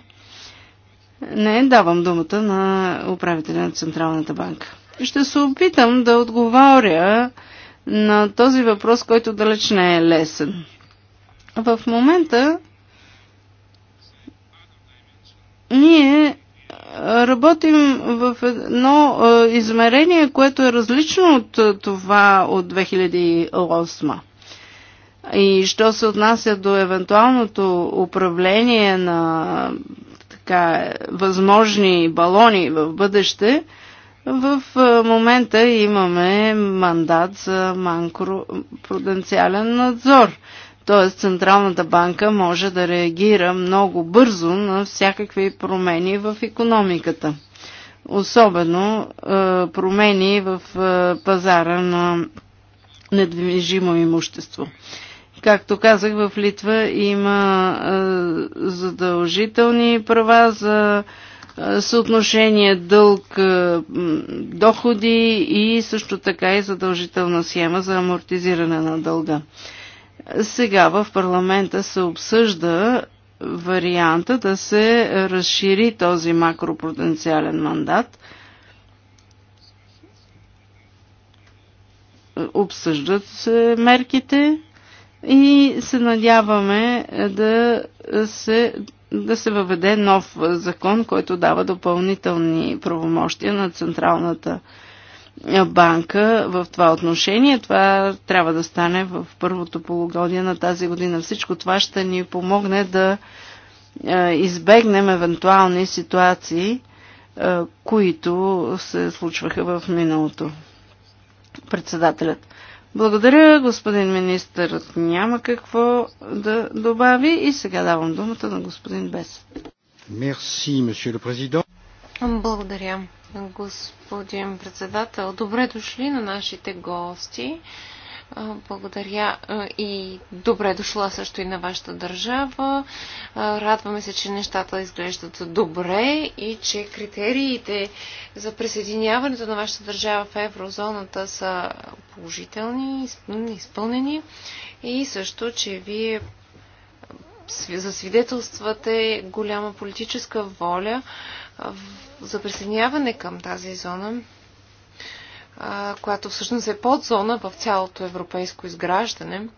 Не, давам думата на управителя на Централната банка. Ще се опитам да отговоря на този въпрос, който далеч не е лесен. В момента ние работим в едно е, измерение, което е различно от е, това от 2008. И що се отнася до евентуалното управление на така, възможни балони в бъдеще, в момента имаме мандат за макропруденциален надзор. Т.е. Централната банка може да реагира много бързо на всякакви промени в економиката. Особено промени в пазара на недвижимо имущество. Както казах, в Литва има задължителни права за съотношение дълг доходи и също така и задължителна схема за амортизиране на дълга. Сега в парламента се обсъжда варианта да се разшири този макропотенциален мандат. Обсъждат се мерките, и се надяваме е, да се, да се въведе нов е, закон, който дава допълнителни правомощия на Централната е, банка в това отношение. Това трябва да стане в първото полугодие на тази година. Всичко това ще ни помогне да избегнем евентуални ситуации, които се случваха в миналото. Председателят. Благодаря, господин министър, Няма какво да добави и сега давам думата на господин Бес. Мерси, месье президент. Благодаря, господин председател. Добре дошли на нашите гости. Благодаря и добре е дошла също и на вашата държава. Радваме се, че нещата изглеждат добре и че критериите за присъединяването на вашата държава в еврозоната са положителни, изпълнени и също, че вие засвидетелствате голяма политическа воля за присъединяване към тази зона която всъщност е подзона в цялото европейско изграждане.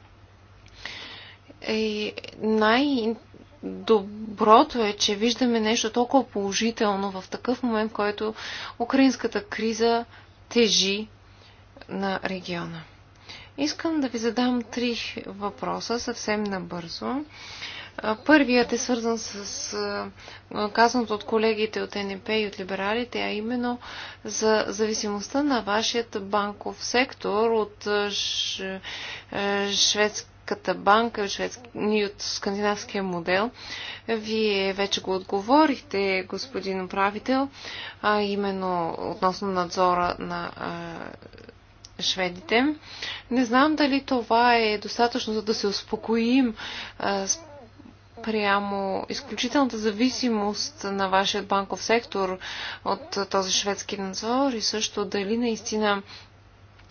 И най-доброто е, че виждаме нещо толкова положително в такъв момент, който украинската криза тежи на региона. Искам да ви задам три въпроса съвсем набързо. Първият е свързан с казаното от колегите от НП и от либералите, а именно за зависимостта на вашият банков сектор от шведската банка и от скандинавския модел. Вие вече го отговорихте, господин управител, а именно относно надзора на шведите. Не знам дали това е достатъчно, за да се успокоим а, спрямо изключителната зависимост на вашия банков сектор от този шведски надзор и също дали наистина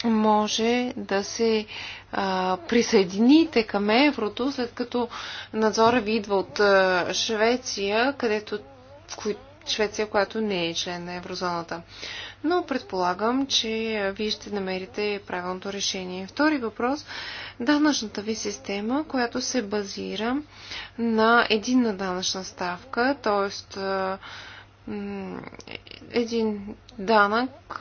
може да се а, присъедините към еврото, след като надзора ви идва от а, Швеция, където в, кои, Швеция, която не е член на еврозоната. Но предполагам, че вие ще намерите правилното решение. Втори въпрос – данъчната ви система, която се базира на единна данъчна ставка, т.е. един данък,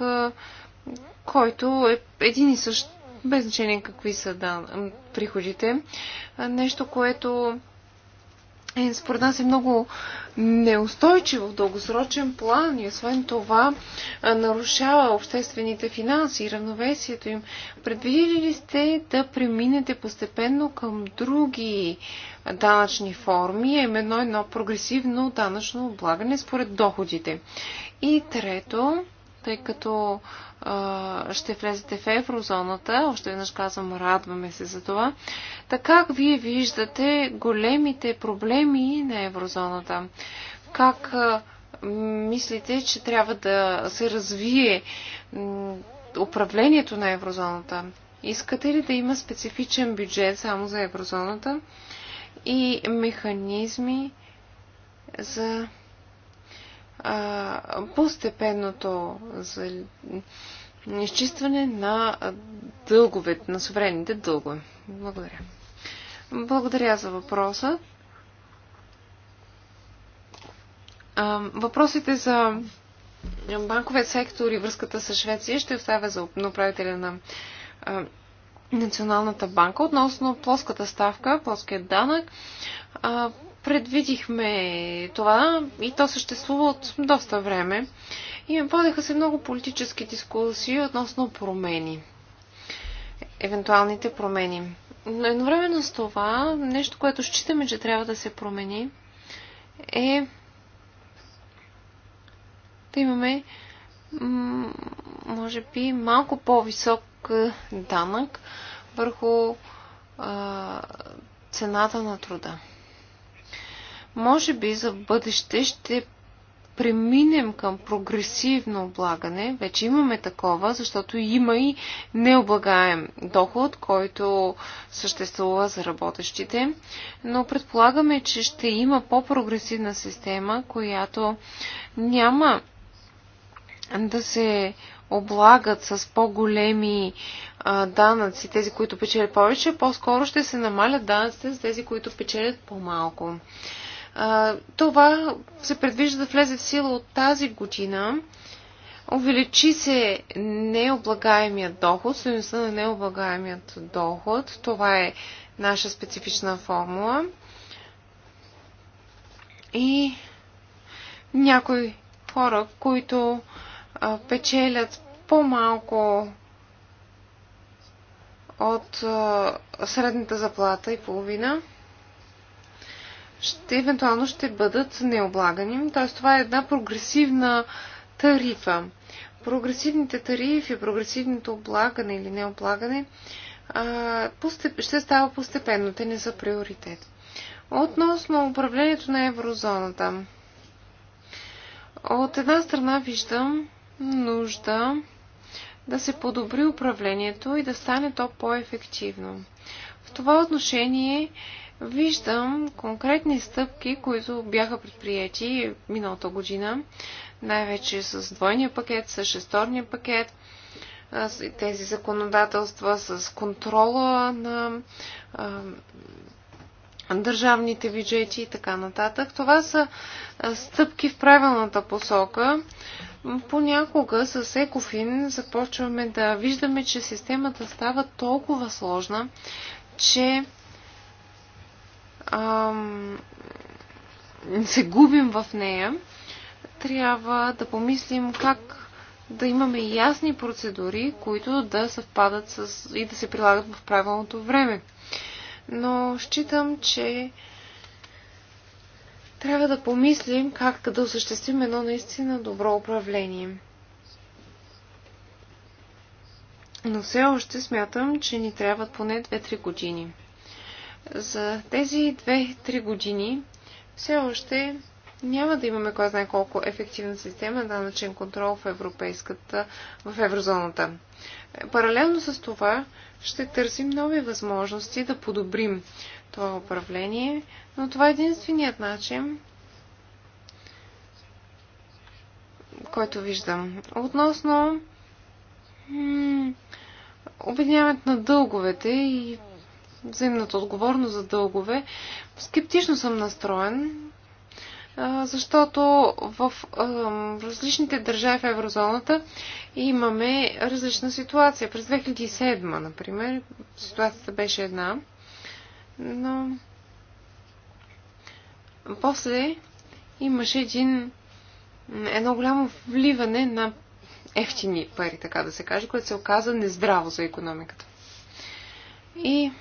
който е един и същ, без значение какви са дан... приходите. Нещо, което е, според нас е много неустойчиво в дългосрочен план и освен това нарушава обществените финанси и равновесието им. Предвидили ли сте да преминете постепенно към други данъчни форми, а именно едно прогресивно данъчно облагане според доходите? И трето, тъй като а, ще влезете в еврозоната. Още веднъж казвам, радваме се за това. Така как вие виждате големите проблеми на еврозоната? Как а, мислите, че трябва да се развие управлението на еврозоната? Искате ли да има специфичен бюджет само за еврозоната и механизми за постепенното изчистване на дълговете, на суверенните дългове. Благодаря. Благодаря за въпроса. Въпросите за банковият сектор и връзката с Швеция ще оставя за управителя на Националната банка относно плоската ставка, плоският данък предвидихме това и то съществува от доста време. И водеха се много политически дискусии относно промени. Евентуалните промени. Но едновременно с това, нещо, което считаме, че трябва да се промени, е да имаме, може би, малко по-висок е, данък върху а, цената на труда. Може би за бъдеще ще преминем към прогресивно облагане. Вече имаме такова, защото има и необлагаем доход, който съществува за работещите. Но предполагаме, че ще има по-прогресивна система, която няма да се облагат с по-големи данъци тези, които печелят повече, по-скоро ще се намалят данъците с тези, които печелят по-малко. Това се предвижда да влезе в сила от тази година. Увеличи се необлагаемият доход, стоеността на необлагаемият доход. Това е наша специфична формула. И някои хора, които а, печелят по-малко от а, средната заплата и половина, ще, евентуално ще бъдат необлагани. Т.е. това е една прогресивна тарифа. Прогресивните тарифи, прогресивното облагане или необлагане а, постеп... ще става постепенно. Те не са приоритет. Относно управлението на еврозоната. От една страна виждам нужда да се подобри управлението и да стане то по-ефективно. В това отношение виждам конкретни стъпки, които бяха предприяти миналата година, най-вече с двойния пакет, с шесторния пакет, с тези законодателства, с контрола на държавните бюджети и така нататък. Това са стъпки в правилната посока. Понякога с Екофин започваме да виждаме, че системата става толкова сложна, че ам, се губим в нея, трябва да помислим как да имаме ясни процедури, които да съвпадат с, и да се прилагат в правилното време. Но считам, че трябва да помислим как да осъществим едно наистина добро управление. Но все още смятам, че ни трябват поне 2-3 години за тези 2-3 години все още няма да имаме кой знае колко ефективна система на данъчен контрол в европейската, в еврозоната. Паралелно с това ще търсим нови възможности да подобрим това управление, но това е единственият начин, който виждам. Относно обединяването на дълговете и взаимната отговорност за дългове, скептично съм настроен, защото в различните държави в еврозоната имаме различна ситуация. През 2007, например, ситуацията беше една, но после имаше един, едно голямо вливане на ефтини пари, така да се каже, което се оказа нездраво за економиката. И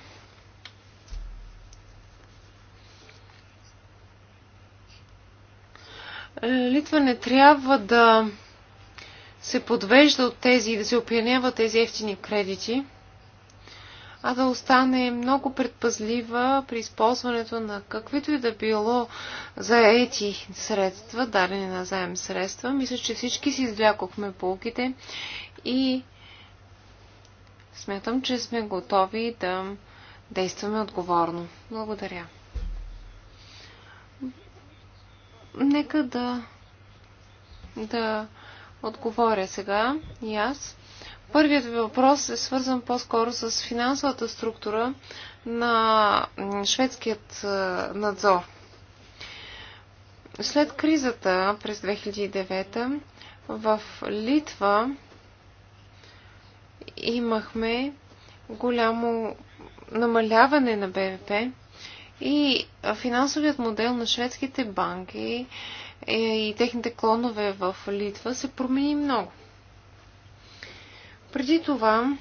Е, Литва не трябва да се подвежда от тези и да се опиянява тези ефтини кредити, а да остане много предпазлива при използването на каквито и да било заети средства, дадени на заем средства. Мисля, че всички си извлякохме полките и смятам, че сме готови да действаме отговорно. Благодаря. Нека да, да отговоря сега и аз. Първият ви въпрос е свързан по-скоро с финансовата структура на шведският надзор. След кризата през 2009 в Литва имахме голямо намаляване на БВП и финансовият модел на шведските банки е, и техните клонове в Литва се промени много. Преди това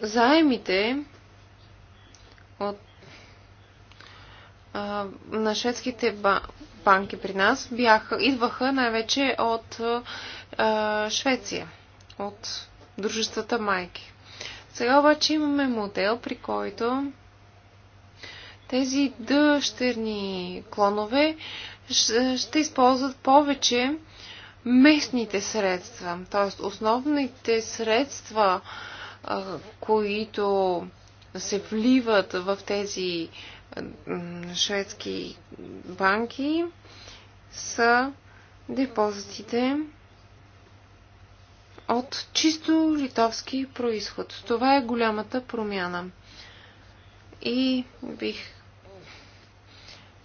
заемите от, а, на шведските ба, банки при нас бяха, идваха най-вече от а, Швеция, от дружествата майки. Сега обаче имаме модел, при който тези дъщерни клонове ще използват повече местните средства, т.е. основните средства, които се вливат в тези шведски банки, са депозитите от чисто литовски происход. Това е голямата промяна. И бих.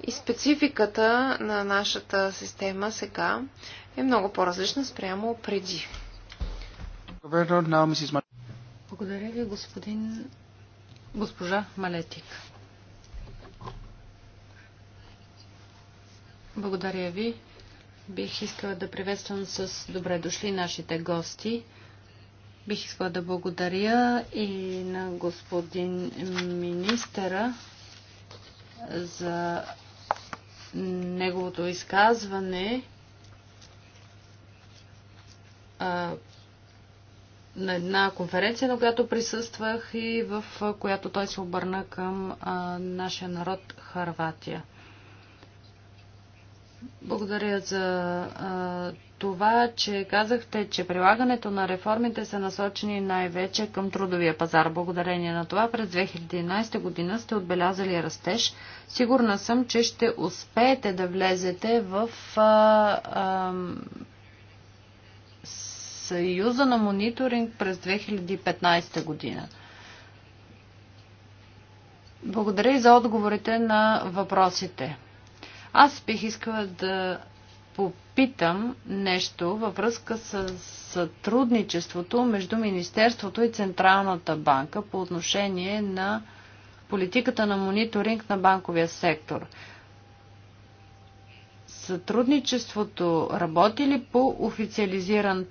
И спецификата на нашата система сега е много по-различна спрямо преди. Благодаря ви, господин госпожа Малетик. Благодаря ви. Бих искала да приветствам с добре дошли нашите гости. Бих искала да благодаря и на господин министъра за неговото изказване а, на една конференция, на която присъствах и в която той се обърна към а, нашия народ Харватия. Благодаря за а, това, че казахте, че прилагането на реформите са насочени най-вече към трудовия пазар. Благодарение на това през 2011 година сте отбелязали растеж. Сигурна съм, че ще успеете да влезете в а, а, Съюза на мониторинг през 2015 година. Благодаря и за отговорите на въпросите. Аз бих искала да попитам нещо във връзка с сътрудничеството между Министерството и Централната банка по отношение на политиката на мониторинг на банковия сектор. Сътрудничеството работи ли по официализиран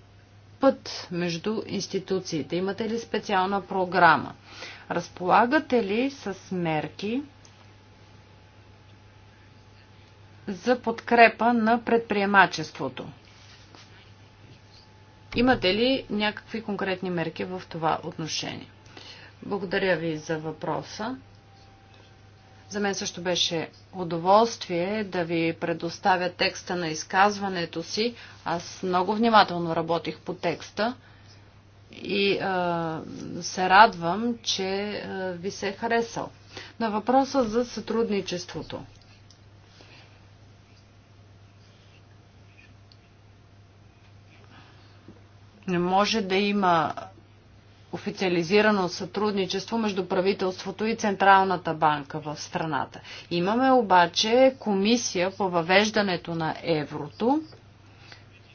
път между институциите? Имате ли специална програма? Разполагате ли с мерки, за подкрепа на предприемачеството. Имате ли някакви конкретни мерки в това отношение? Благодаря ви за въпроса. За мен също беше удоволствие да ви предоставя текста на изказването си. Аз много внимателно работих по текста и а, се радвам, че а, ви се е харесал. На въпроса за сътрудничеството. Не може да има официализирано сътрудничество между правителството и Централната банка в страната. Имаме обаче комисия по въвеждането на еврото,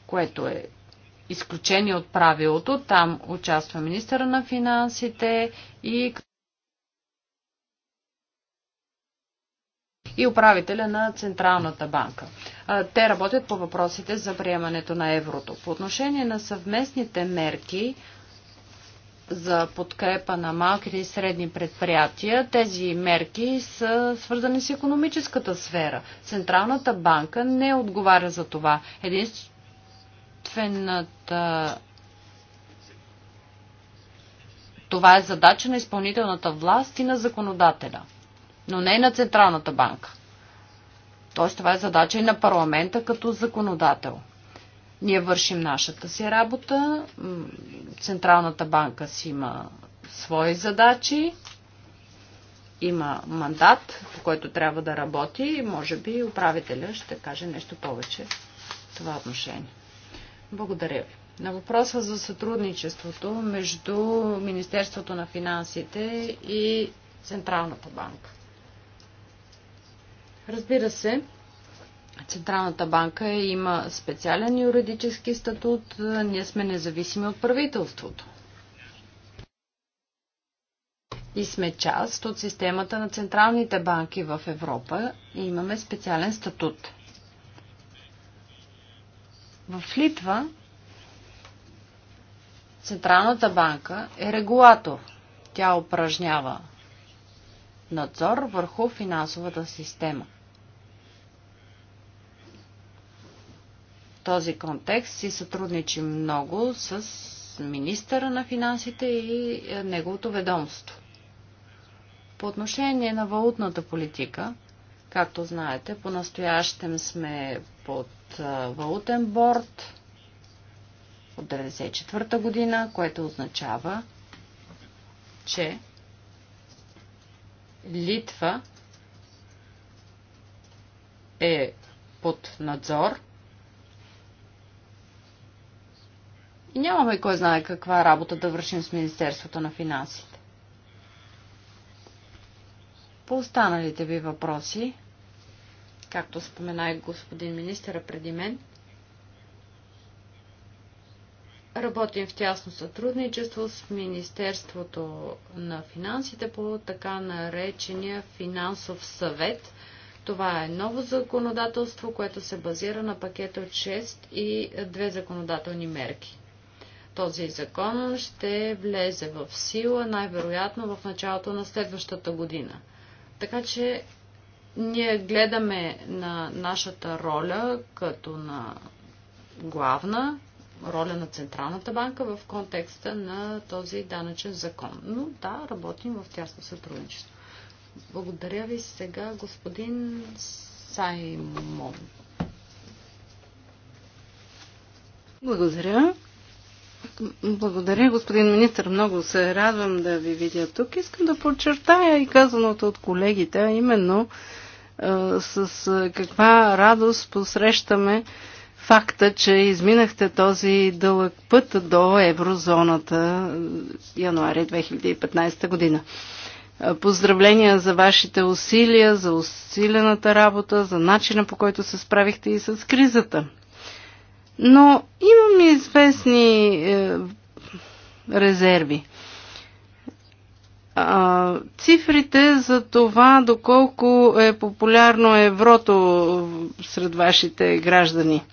което е изключение от правилото. Там участва министъра на финансите и и управителя на Централната банка. Те работят по въпросите за приемането на еврото. По отношение на съвместните мерки, за подкрепа на малките и средни предприятия, тези мерки са свързани с економическата сфера. Централната банка не отговаря за това. Единствената. Това е задача на изпълнителната власт и на законодателя но не и на Централната банка. Тоест това е задача и на парламента като законодател. Ние вършим нашата си работа, Централната банка си има свои задачи, има мандат, по който трябва да работи и може би управителя ще каже нещо повече в това отношение. Благодаря ви. На въпроса за сътрудничеството между Министерството на финансите и Централната банка. Разбира се, Централната банка има специален юридически статут. Ние сме независими от правителството. И сме част от системата на централните банки в Европа и имаме специален статут. В Литва Централната банка е регулатор. Тя упражнява надзор върху финансовата система. този контекст си сътрудничи много с министъра на финансите и е, неговото ведомство. По отношение на валутната политика, както знаете, по-настоящем сме под е, валутен борт от 1994 година, което означава, че Литва е под надзор И нямаме кой знае каква работа да вършим с Министерството на финансите. По останалите ви въпроси, както спомена и господин министъра преди мен, работим в тясно сътрудничество с Министерството на финансите по така наречения финансов съвет. Това е ново законодателство, което се базира на пакет от 6 и две законодателни мерки. Този закон ще влезе в сила най-вероятно в началото на следващата година. Така че ние гледаме на нашата роля като на главна роля на Централната банка в контекста на този данъчен закон. Но да, работим в тясно сътрудничество. Благодаря ви сега, господин Саймон. Благодаря. Благодаря, господин министр. Много се радвам да ви видя тук. Искам да подчертая и казаното от колегите, а именно е, с е, каква радост посрещаме факта, че изминахте този дълъг път до еврозоната е, януари 2015 година. Поздравления за вашите усилия, за усилената работа, за начина по който се справихте и с кризата. Но имам известни е, резерви. А, цифрите за това доколко е популярно еврото сред вашите граждани.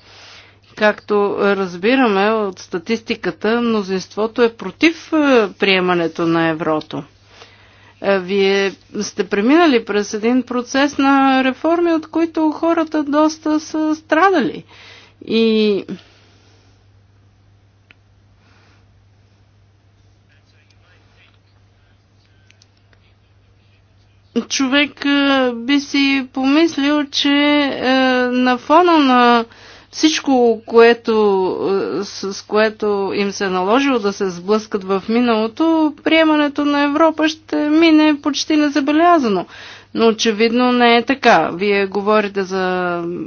Както разбираме от статистиката, мнозинството е против е, приемането на еврото. Е, вие сте преминали през един процес на реформи, от които хората доста са страдали. И човек би си помислил, че на фона на всичко, което, с което им се е наложило да се сблъскат в миналото, приемането на Европа ще мине почти незабелязано. Но очевидно не е така. Вие говорите за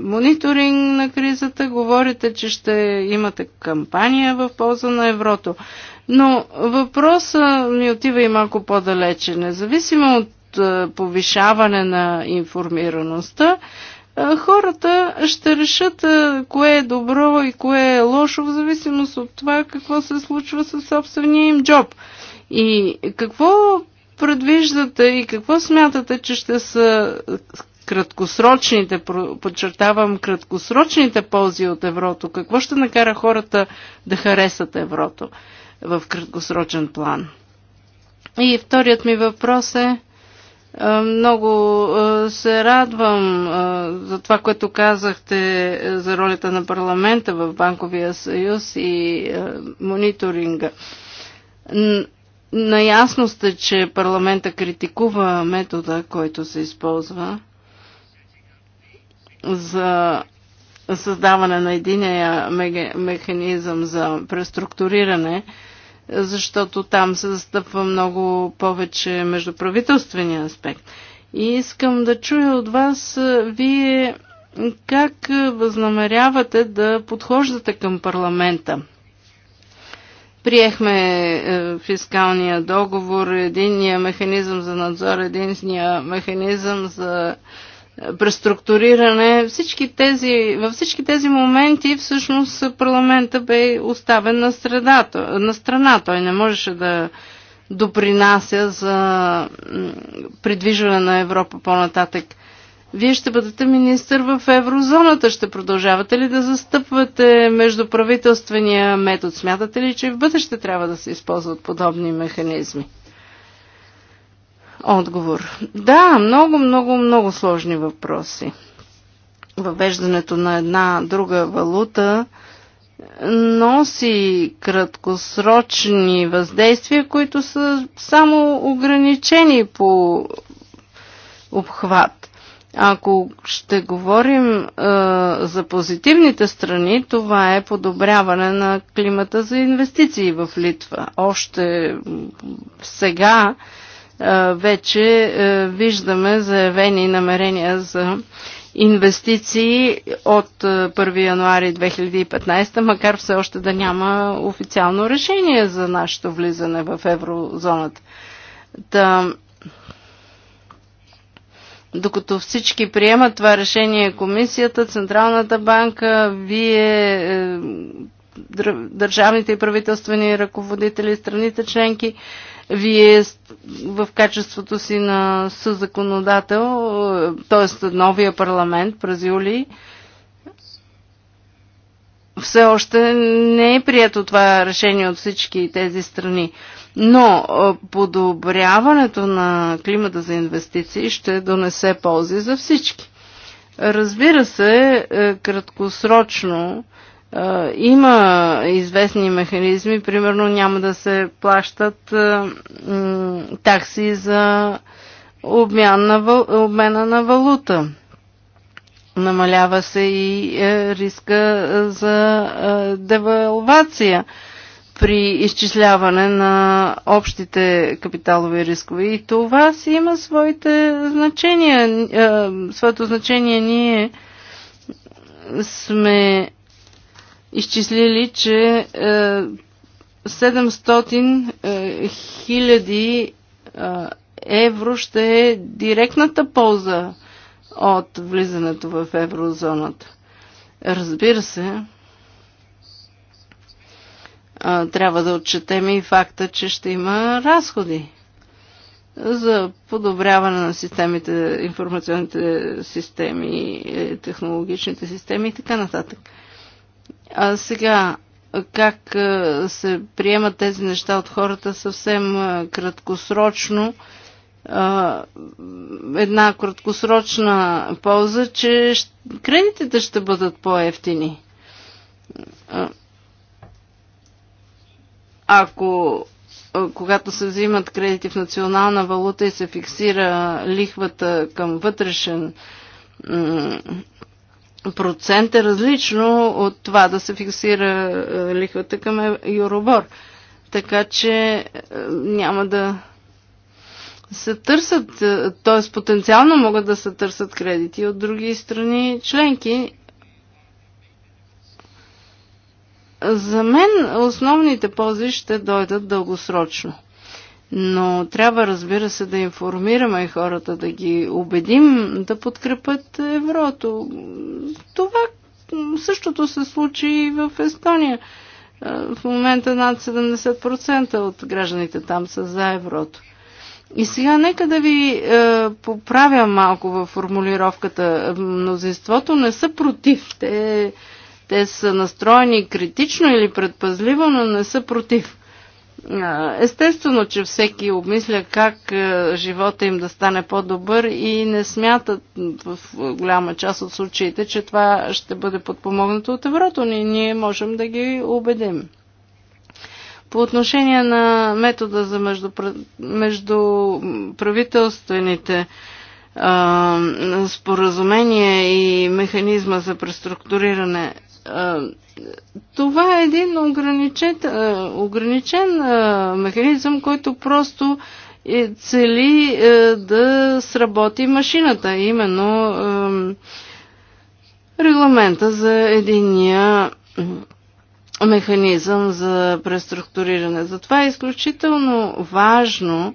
мониторинг на кризата, говорите, че ще имате кампания в полза на еврото. Но въпросът ми отива и малко по-далече. Независимо от е, повишаване на информираността, е, хората ще решат е, кое е добро и кое е лошо в зависимост от това какво се случва със собствения им джоб. И какво предвиждате и какво смятате, че ще са краткосрочните, подчертавам, краткосрочните ползи от еврото? Какво ще накара хората да харесат еврото в краткосрочен план? И вторият ми въпрос е, много се радвам за това, което казахте за ролята на парламента в Банковия съюз и мониторинга. Наясно сте, че парламента критикува метода, който се използва за създаване на единия механизъм за преструктуриране, защото там се застъпва много повече междуправителствения аспект. И искам да чуя от вас, е, вие как възнамерявате да подхождате към парламента? Приехме е, фискалния договор, единния механизъм за надзор, единния механизъм за е, преструктуриране. Всички тези, във всички тези моменти всъщност парламента бе оставен на, средата, на страна. Той не можеше да допринася за придвижване на Европа по-нататък. Вие ще бъдете министър в еврозоната. Ще продължавате ли да застъпвате междуправителствения метод? Смятате ли, че в бъдеще трябва да се използват подобни механизми? Отговор. Да, много, много, много сложни въпроси. Въвеждането на една друга валута носи краткосрочни въздействия, които са само ограничени по обхват. Ако ще говорим а, е, за позитивните страни, това е подобряване на климата за инвестиции в Литва. Още сега а, е, вече а, е, виждаме заявени намерения за инвестиции от 1 януари 2015, макар все още да няма официално решение за нашето влизане в еврозоната. Та, докато всички приемат това решение комисията, Централната банка, вие, е, държавните и правителствени ръководители, страните членки, вие в качеството си на съзаконодател, т.е. новия парламент през юли, все още не е прието това решение от всички тези страни. Но подобряването на климата за инвестиции ще донесе ползи за всички. Разбира се, е, краткосрочно има известни механизми, примерно няма да се плащат такси за обмен на, обмена на валута. Намалява се и е, риска за девалвация при изчисляване на общите капиталови рискове. И това си има своите значения. Е, своето значение ние сме изчислили, че 700 е, е, хиляди евро ще е директната полза от влизането в еврозоната. Разбира се, трябва да отчетем и факта, че ще има разходи за подобряване на системите, информационните системи, е, технологичните системи и така нататък. А сега, как е, се приемат тези неща от хората съвсем е, краткосрочно, една краткосрочна полза, че кредитите ще бъдат по-ефтини ако когато се взимат кредити в национална валута и се фиксира лихвата към вътрешен процент е различно от това да се фиксира лихвата към е, Юробор. Така че няма да се търсят, т.е. потенциално могат да се търсят кредити от други страни членки За мен основните ползи ще дойдат дългосрочно. Но трябва, разбира се, да информираме и хората, да ги убедим да подкрепят еврото. Това същото се случи и в Естония. В момента над 70% от гражданите там са за еврото. И сега нека да ви е, поправя малко във формулировката. Мнозинството не са против. Те те са настроени критично или предпазливо, но не са против. Естествено, че всеки обмисля как живота им да стане по-добър и не смятат в голяма част от случаите, че това ще бъде подпомогнато от еврото. Ние, ние можем да ги убедим. По отношение на метода за междуправителствените между споразумения и механизма за преструктуриране, това е един ограничен, ограничен механизъм, който просто е, цели е, да сработи машината, именно регламента за единия механизъм за преструктуриране. Затова е изключително важно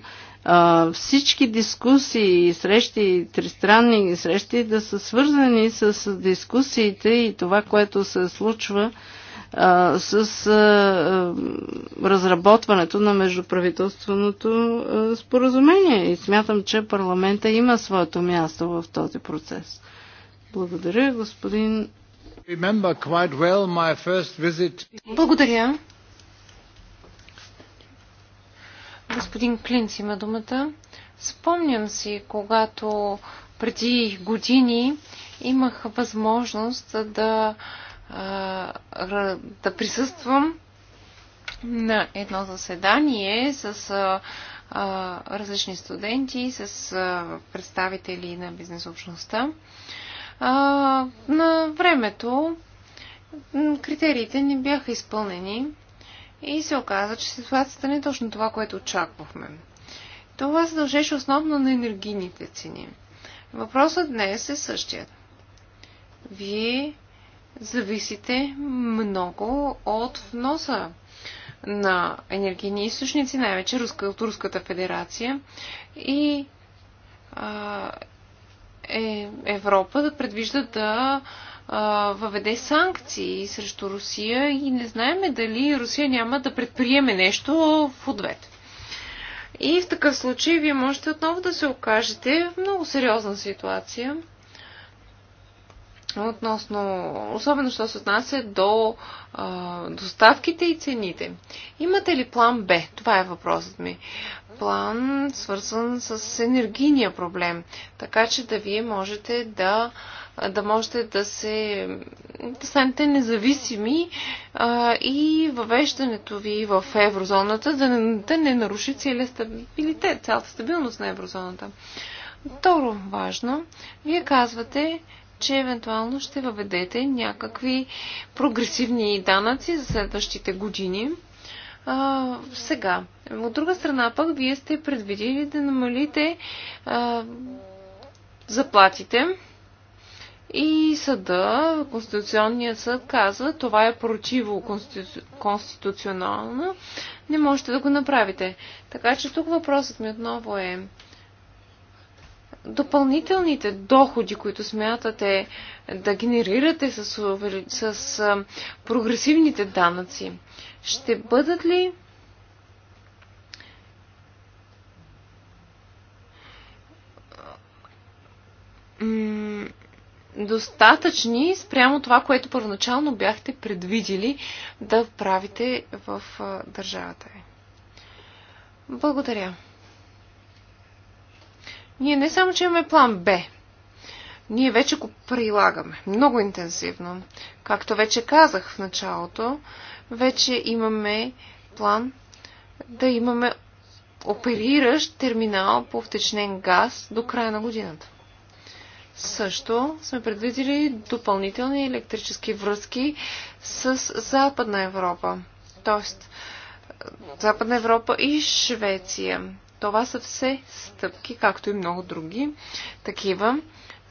всички дискусии, срещи, тристранни срещи да са свързани с дискусиите и това, което се случва с разработването на междуправителственото споразумение. И смятам, че парламента има своето място в този процес. Благодаря, господин. Благодаря. Господин Клинц има думата. Спомням си, когато преди години имах възможност да, да присъствам на едно заседание с различни студенти, с представители на бизнес общността. на времето критериите не бяха изпълнени и се оказа, че ситуацията не е точно това, което очаквахме. Това се дължеше основно на енергийните цени. Въпросът днес е същият. Вие зависите много от вноса на енергийни източници, най-вече от Руската федерация и а, е, Европа да предвижда да въведе санкции срещу Русия и не знаеме дали Русия няма да предприеме нещо в ответ. И в такъв случай вие можете отново да се окажете в много сериозна ситуация относно, особено що се отнася до а, доставките и цените. Имате ли план Б? Това е въпросът ми. План свързан с енергийния проблем, така че да вие можете да да можете да се да станете независими а, и въвеждането ви в еврозоната да да не наруши целият стабилитет, цялата стабилност на еврозоната. Второ важно, вие казвате, че евентуално ще въведете някакви прогресивни данъци за следващите години. А, сега, от друга страна пък, вие сте предвидили да намалите а, заплатите и съда, Конституционният съд казва, това е противоконституционално, не можете да го направите. Така че тук въпросът ми отново е допълнителните доходи, които смятате да генерирате с, с прогресивните данъци, ще бъдат ли достатъчни спрямо това, което първоначално бяхте предвидели да правите в държавата ви. Благодаря. Ние не само, че имаме план Б, ние вече го прилагаме много интензивно. Както вече казах в началото, вече имаме план да имаме опериращ терминал по втечнен газ до края на годината също сме предвидили допълнителни електрически връзки с Западна Европа. Тоест, Западна Европа и Швеция. Това са все стъпки, както и много други такива,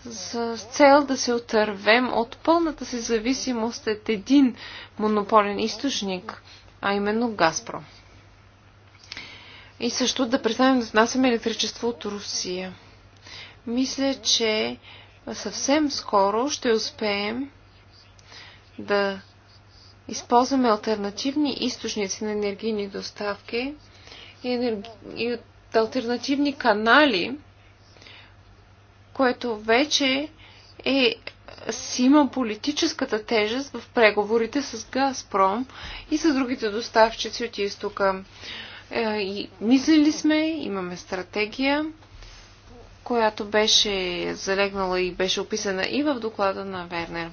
с цел да се отървем от пълната си зависимост от един монополен източник, а именно Газпром. И също да престанем да внасяме електричество от Русия. Мисля, че съвсем скоро ще успеем да използваме альтернативни източници на енергийни доставки и, енерги... и от альтернативни канали, което вече е си има политическата тежест в преговорите с Газпром и с другите доставчици от изтока. Е, и мислили сме, имаме стратегия, която беше залегнала и беше описана и в доклада на Вернер.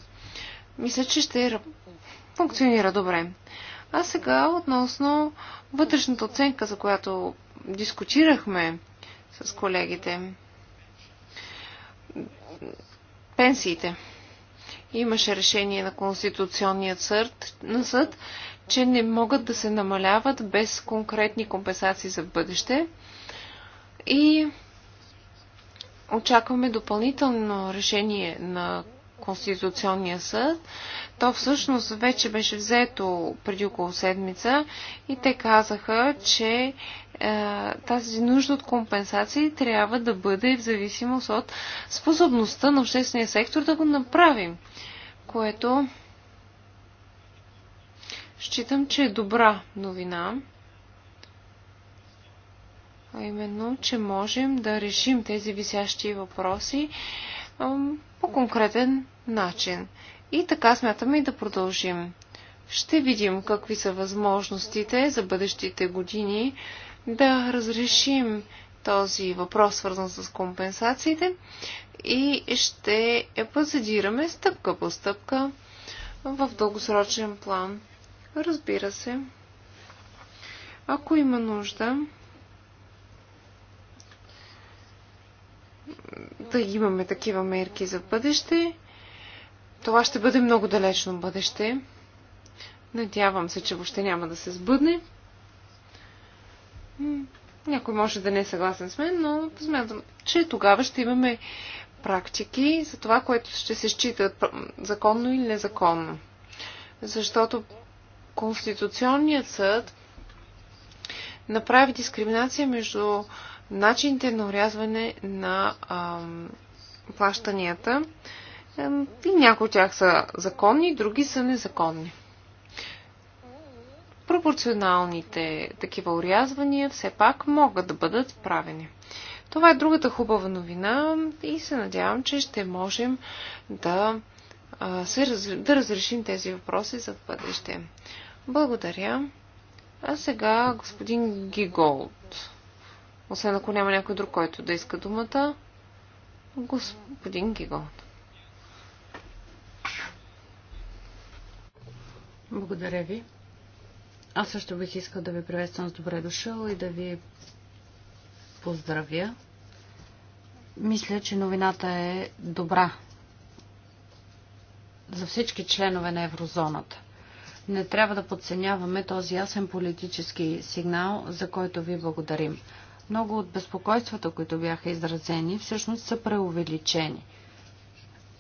Мисля, че ще функционира добре. А сега относно вътрешната оценка, за която дискутирахме с колегите. Пенсиите. Имаше решение на Конституционният съд, на съд, че не могат да се намаляват без конкретни компенсации за бъдеще. И очакваме допълнително решение на Конституционния съд. То всъщност вече беше взето преди около седмица и те казаха, че е, тази нужда от компенсации трябва да бъде в зависимост от способността на обществения сектор да го направим, което считам, че е добра новина а именно, че можем да решим тези висящи въпроси по конкретен начин. И така смятаме и да продължим. Ще видим какви са възможностите за бъдещите години да разрешим този въпрос, свързан с компенсациите, и ще процедираме стъпка по стъпка в дългосрочен план. Разбира се, ако има нужда, да имаме такива мерки за бъдеще. Това ще бъде много далечно бъдеще. Надявам се, че въобще няма да се сбъдне. Някой може да не е съгласен с мен, но смятам, че тогава ще имаме практики за това, което ще се считат законно или незаконно. Защото Конституционният съд направи дискриминация между начините на урязване на ам, плащанията. И някои от тях са законни, други са незаконни. Пропорционалните такива урязвания все пак могат да бъдат правени. Това е другата хубава новина и се надявам, че ще можем да, се, да разрешим тези въпроси за бъдеще. Благодаря. А сега господин Гиголд. Освен ако няма някой друг, който да иска думата. Господин Гигол. Благодаря ви. Аз също бих искал да ви приветствам с добре дошъл и да ви поздравя. Мисля, че новината е добра за всички членове на еврозоната. Не трябва да подценяваме този ясен политически сигнал, за който ви благодарим. Много от безпокойствата, които бяха изразени, всъщност са преувеличени.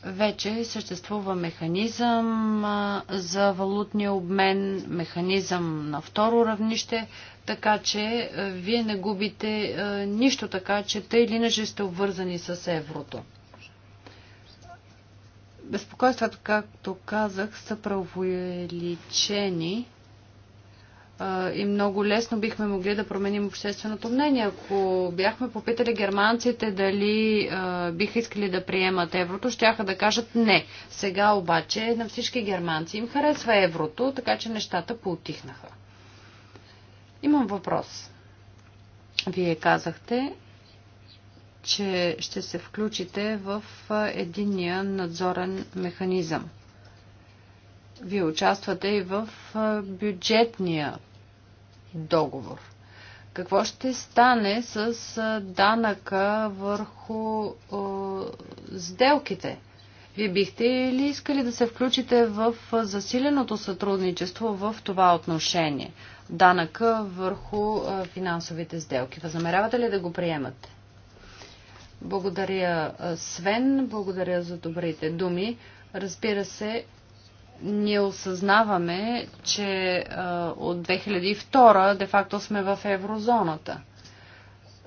Вече съществува механизъм за валутния обмен, механизъм на второ равнище, така че вие не губите нищо така, че тъй или иначе сте обвързани с еврото. Безпокойствата, както казах, са преувеличени и много лесно бихме могли да променим общественото мнение. Ако бяхме попитали германците дали а, биха искали да приемат еврото, щяха да кажат не. Сега обаче на всички германци им харесва еврото, така че нещата поутихнаха. Имам въпрос. Вие казахте, че ще се включите в единия надзорен механизъм. Вие участвате и в бюджетния договор. Какво ще стане с данъка върху сделките? Вие бихте ли искали да се включите в засиленото сътрудничество в това отношение? Данъка върху финансовите сделки. Възнамерявате ли да го приемате? Благодаря, Свен. Благодаря за добрите думи. Разбира се, ние осъзнаваме, че а, от 2002 де-факто сме в еврозоната.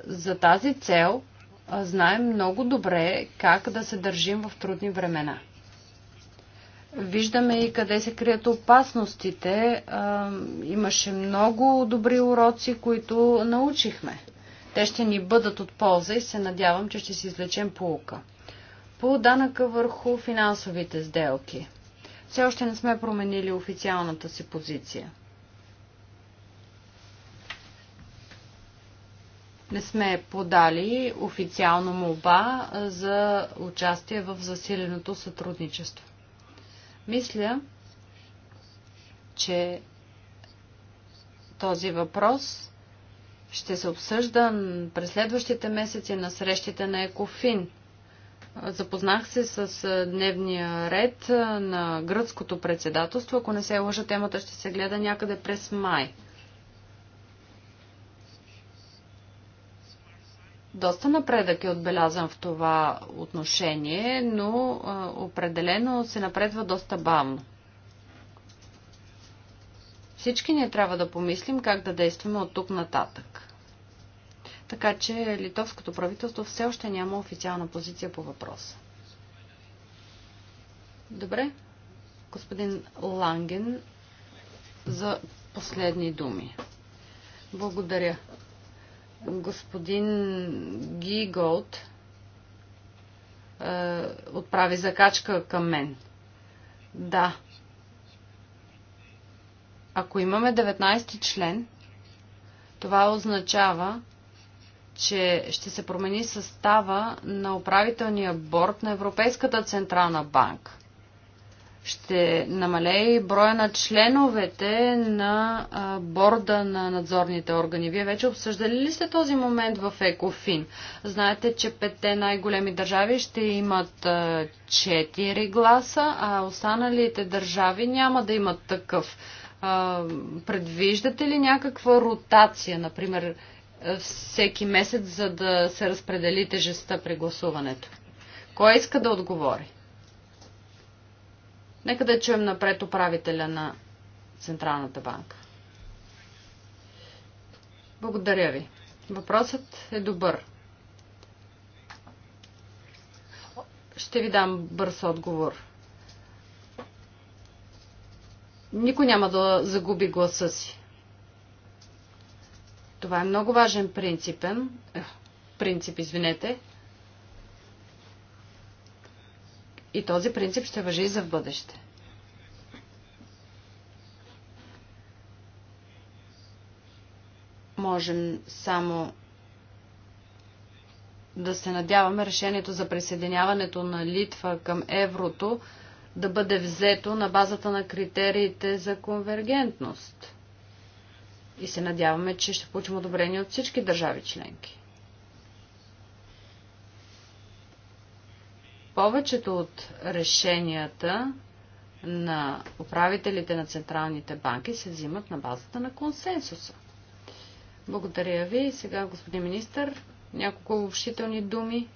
За тази цел а, знаем много добре как да се държим в трудни времена. Виждаме и къде се крият опасностите. А, имаше много добри уроци, които научихме. Те ще ни бъдат от полза и се надявам, че ще си извлечем полука. По данъка върху финансовите сделки – все още не сме променили официалната си позиция. не сме подали официално молба за участие в засиленото сътрудничество. Мисля, че този въпрос ще се обсъжда през следващите месеци на срещите на Екофин. Запознах се с дневния ред на гръцкото председателство. Ако не се лъжа, темата ще се гледа някъде през май. Доста напредък е отбелязан в това отношение, но определено се напредва доста бавно. Всички ние трябва да помислим как да действаме от тук нататък. Така че литовското правителство все още няма официална позиция по въпроса. Добре. Господин Ланген за последни думи. Благодаря. Господин Гиголд е, отправи закачка към мен. Да. Ако имаме 19 член, това означава, че ще се промени състава на управителния борт на Европейската централна банка. Ще намалее броя на членовете на борда на надзорните органи. Вие вече обсъждали ли сте този момент в ЕКОФИН? Знаете, че петте най-големи държави ще имат 4 гласа, а останалите държави няма да имат такъв. Предвиждате ли някаква ротация, например всеки месец, за да се разпредели тежестта при гласуването. Кой иска да отговори? Нека да чуем напред управителя на Централната банка. Благодаря ви. Въпросът е добър. Ще ви дам бърз отговор. Никой няма да загуби гласа си. Това е много важен принципен, е, принцип, извинете. И този принцип ще въжи и за в бъдеще. Можем само да се надяваме решението за присъединяването на Литва към еврото да бъде взето на базата на критериите за конвергентност. И се надяваме, че ще получим одобрение от всички държави членки. Повечето от решенията на управителите на централните банки се взимат на базата на консенсуса. Благодаря ви. Сега, господин министр, няколко общителни думи.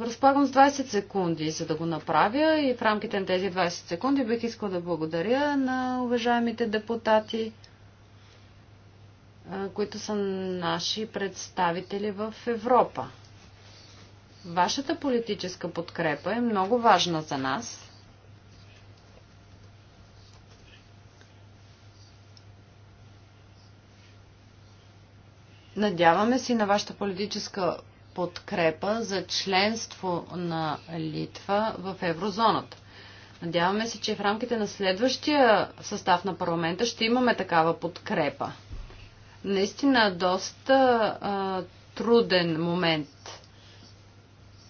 Разполагам с 20 секунди, за да го направя и в рамките на тези 20 секунди бих искал да благодаря на уважаемите депутати които са наши представители в Европа. Вашата политическа подкрепа е много важна за нас. Надяваме си на вашата политическа подкрепа за членство на Литва в еврозоната. Надяваме се, че в рамките на следващия състав на парламента ще имаме такава подкрепа. Наистина доста а, труден момент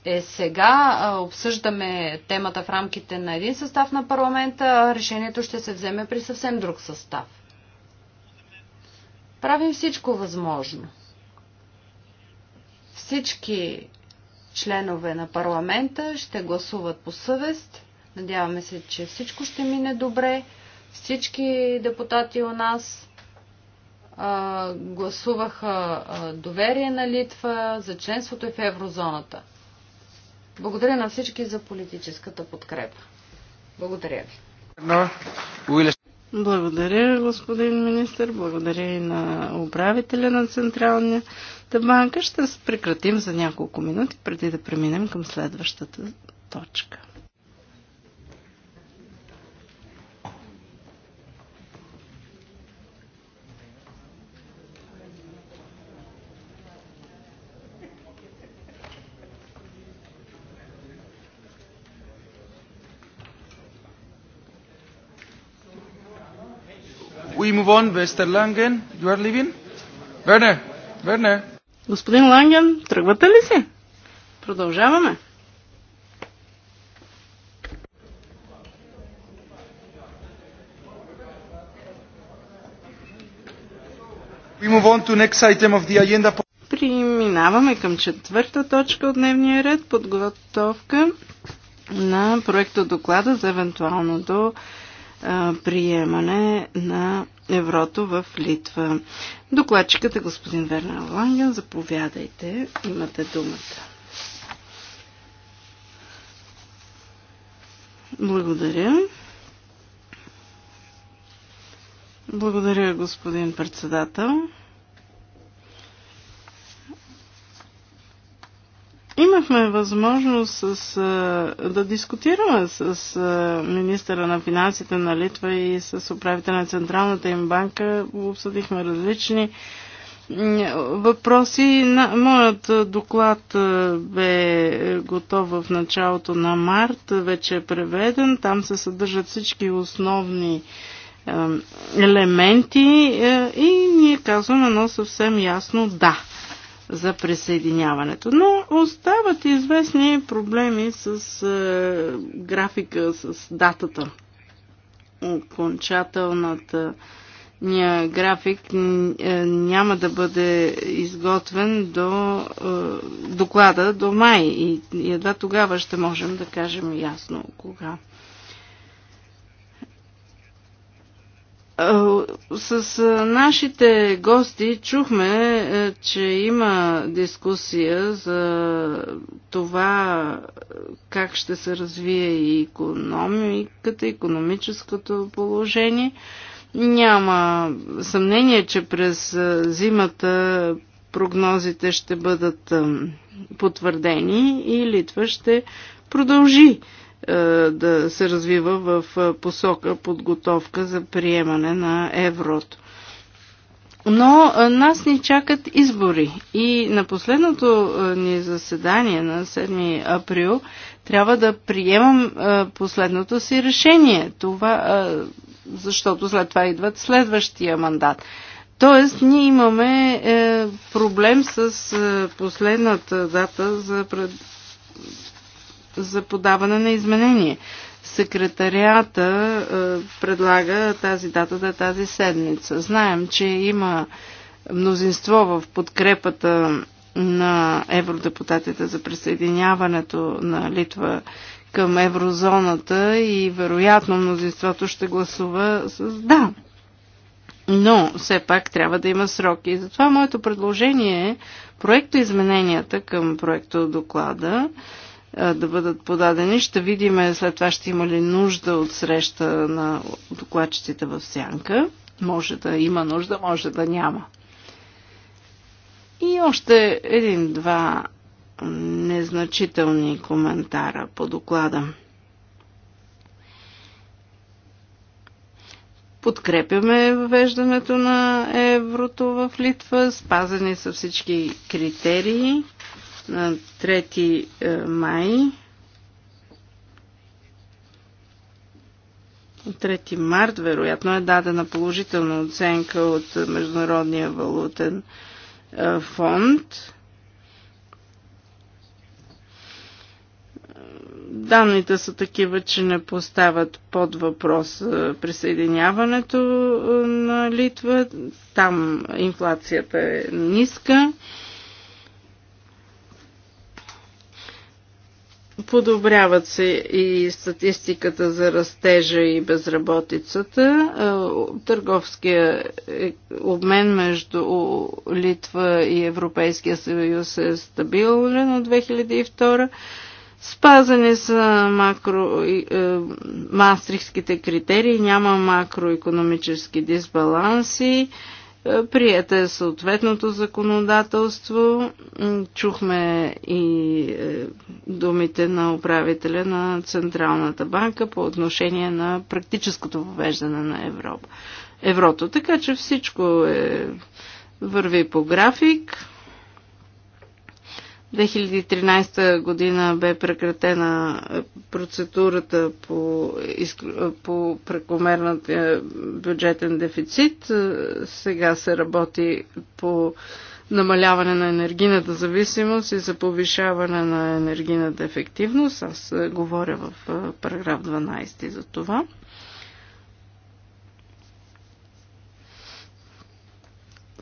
е сега. А, обсъждаме темата в рамките на един състав на парламента, а решението ще се вземе при съвсем друг състав. Правим всичко възможно. Всички членове на парламента ще гласуват по съвест. Надяваме се, че всичко ще мине добре. Всички депутати у нас а, гласуваха а, доверие на Литва за членството и в еврозоната. Благодаря на всички за политическата подкрепа. Благодаря ви. Благодаря, господин министр. Благодаря и на управителя на Централната банка. Ще се прекратим за няколко минути, преди да преминем към следващата точка. we move on, Mr. Langen? You are leaving? Werner? Werner? Господин Ланген, тръгвате ли си? Продължаваме. Приминаваме към четвърта точка от дневния ред подготовка на проекта доклада за евентуалното до приемане на еврото в Литва. Докладчикът е господин Вернер Ланген. Заповядайте, имате думата. Благодаря. Благодаря, господин председател. Имахме възможност с, да дискутираме с министъра на финансите на Литва и с управителя на Централната им банка. Обсъдихме различни въпроси. На Моят доклад бе готов в началото на март, вече е преведен. Там се съдържат всички основни елементи и ние казваме едно съвсем ясно да за присъединяването. Но остават известни проблеми с е, графика, с датата. Окончателната ния график е, няма да бъде изготвен до е, доклада до май и едва тогава ще можем да кажем ясно кога С нашите гости чухме, че има дискусия за това как ще се развие и економиката, економическото положение. Няма съмнение, че през зимата прогнозите ще бъдат потвърдени и Литва ще продължи е, да се развива в е, посока подготовка за приемане на еврото. Но е, нас ни чакат избори и на последното ни заседание на 7 април трябва да приемам последното си решение, това, защото след това идват следващия мандат. Тоест, ние имаме проблем с последната дата за за подаване на изменение. Секретарията е, предлага тази дата да е тази седмица. Знаем, че има мнозинство в подкрепата на евродепутатите за присъединяването на Литва към еврозоната и вероятно мнозинството ще гласува с да. Но все пак трябва да има сроки. И затова моето предложение е проекто измененията към проекто доклада да бъдат подадени. Ще видим след това ще има ли нужда от среща на докладчиците в сянка. Може да има нужда, може да няма. И още един-два незначителни коментара по доклада. Подкрепяме въвеждането на еврото в Литва, спазени са всички критерии на 3 е, май. 3 март, вероятно, е дадена положителна оценка от Международния валутен е, фонд. Данните са такива, че не поставят под въпрос е, присъединяването на Литва. Там инфлацията е ниска Подобряват се и статистиката за растежа и безработицата. Е, Търговския е, обмен между Литва и Европейския съюз е стабилен от 2002. Спазани са макро, е, мастрихските критерии, няма макроекономически дисбаланси Прието е съответното законодателство. Чухме и е, думите на управителя на Централната банка по отношение на практическото въвеждане на Европа. еврото. Така че всичко е, върви по график. 2013 година бе прекратена е, процедурата по, е, по прекомерната е, бюджетен дефицит. Сега се работи по намаляване на енергийната зависимост и за повишаване на енергийната ефективност. Аз говоря в параграф 12 за това.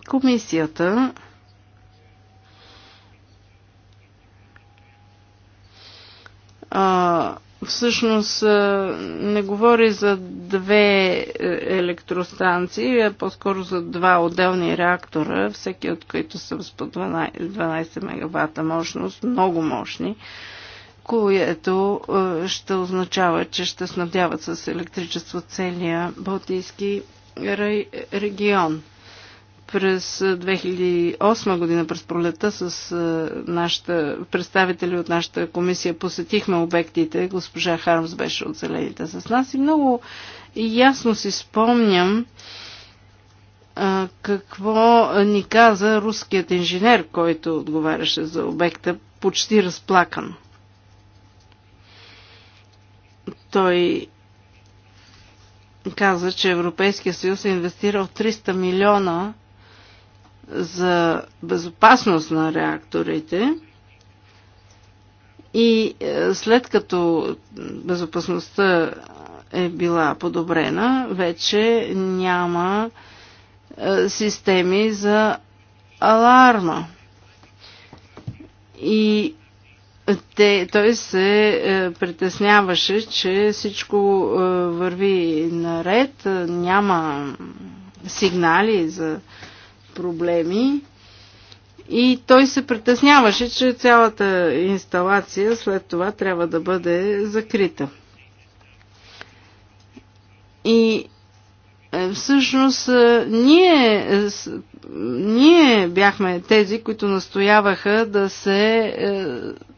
Комисията а, всъщност не говори за две е, електростанции, а по-скоро за два отделни реактора, всеки от които са с по 12, 12 мегавата мощност, много мощни, което е, ще означава, че ще снабдяват с електричество целия Балтийски регион през 2008 година, през пролета, с нашата, представители от нашата комисия посетихме обектите. Госпожа Хармс беше от зелените с нас и много ясно си спомням а, какво ни каза руският инженер, който отговаряше за обекта, почти разплакан. Той каза, че Европейския съюз е инвестирал 300 милиона за безопасност на реакторите и е, след като безопасността е била подобрена, вече няма е, системи за аларма. И е, те, той се притесняваше, че всичко върви наред, няма сигнали за проблеми и той се притесняваше, че цялата инсталация след това трябва да бъде закрита. И е, всъщност е, ние, е, ние бяхме тези, които настояваха да се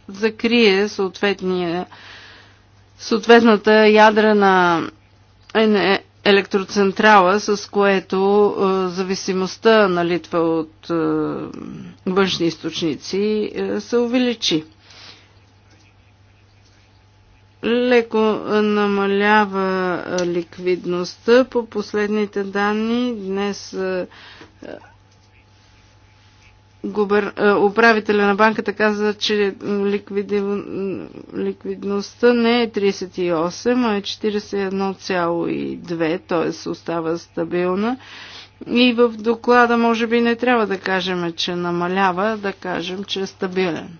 закрие съответния, съответната на електроцентрала, с което е, зависимостта на Литва от е, външни източници е, се увеличи. Леко намалява е, ликвидността. По последните данни днес е, губер... Е, управителя на банката каза, че ликвиди... ликвидността не е 38, а е 41,2, т.е. остава стабилна. И в доклада може би не трябва да кажем, че намалява, да кажем, че е стабилен.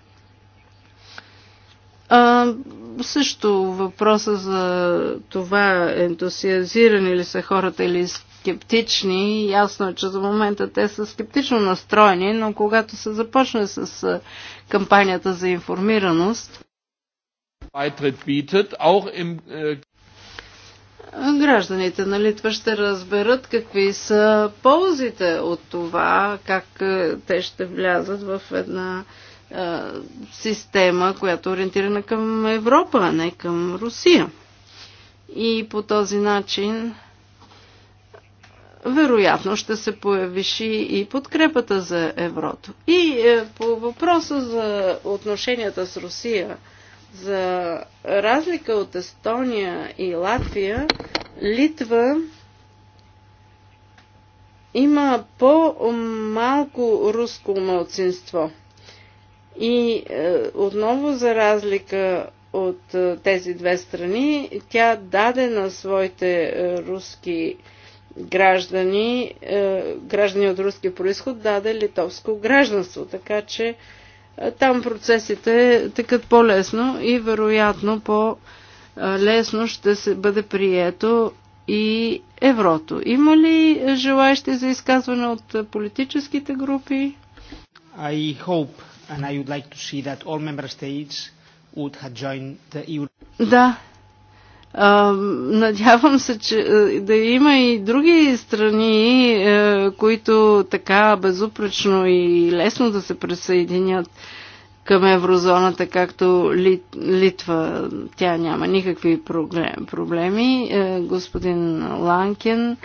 А, също въпроса за това ентусиазирани ли са хората или скептични. Ясно е, че за момента те са скептично настроени, но когато се започне с кампанията за информираност, э, гражданите на Литва ще разберат какви са ползите от това, как те ще влязат в една система, която е ориентирана към Европа, а не към Русия. И по този начин вероятно ще се повиши и подкрепата за еврото. И е, по въпроса за отношенията с Русия, за разлика от Естония и Латвия, Литва има по-малко руско мълцинство. И е, отново за разлика от е, тези две страни, тя даде на своите е, руски е, граждани, е, граждани от руски происход даде литовско гражданство. Така че е, там процесите тъкат по-лесно и вероятно по-лесно ще се бъде прието и еврото. Има ли желаещи за изказване от политическите групи? I hope and I would like to see that all member states would have joined the EU. Да, Надявам се, че е, да има и други страни, е, които така безупречно и лесно да се присъединят към еврозоната, както Литва. Тя няма никакви проблеми. Е, господин Ланкен,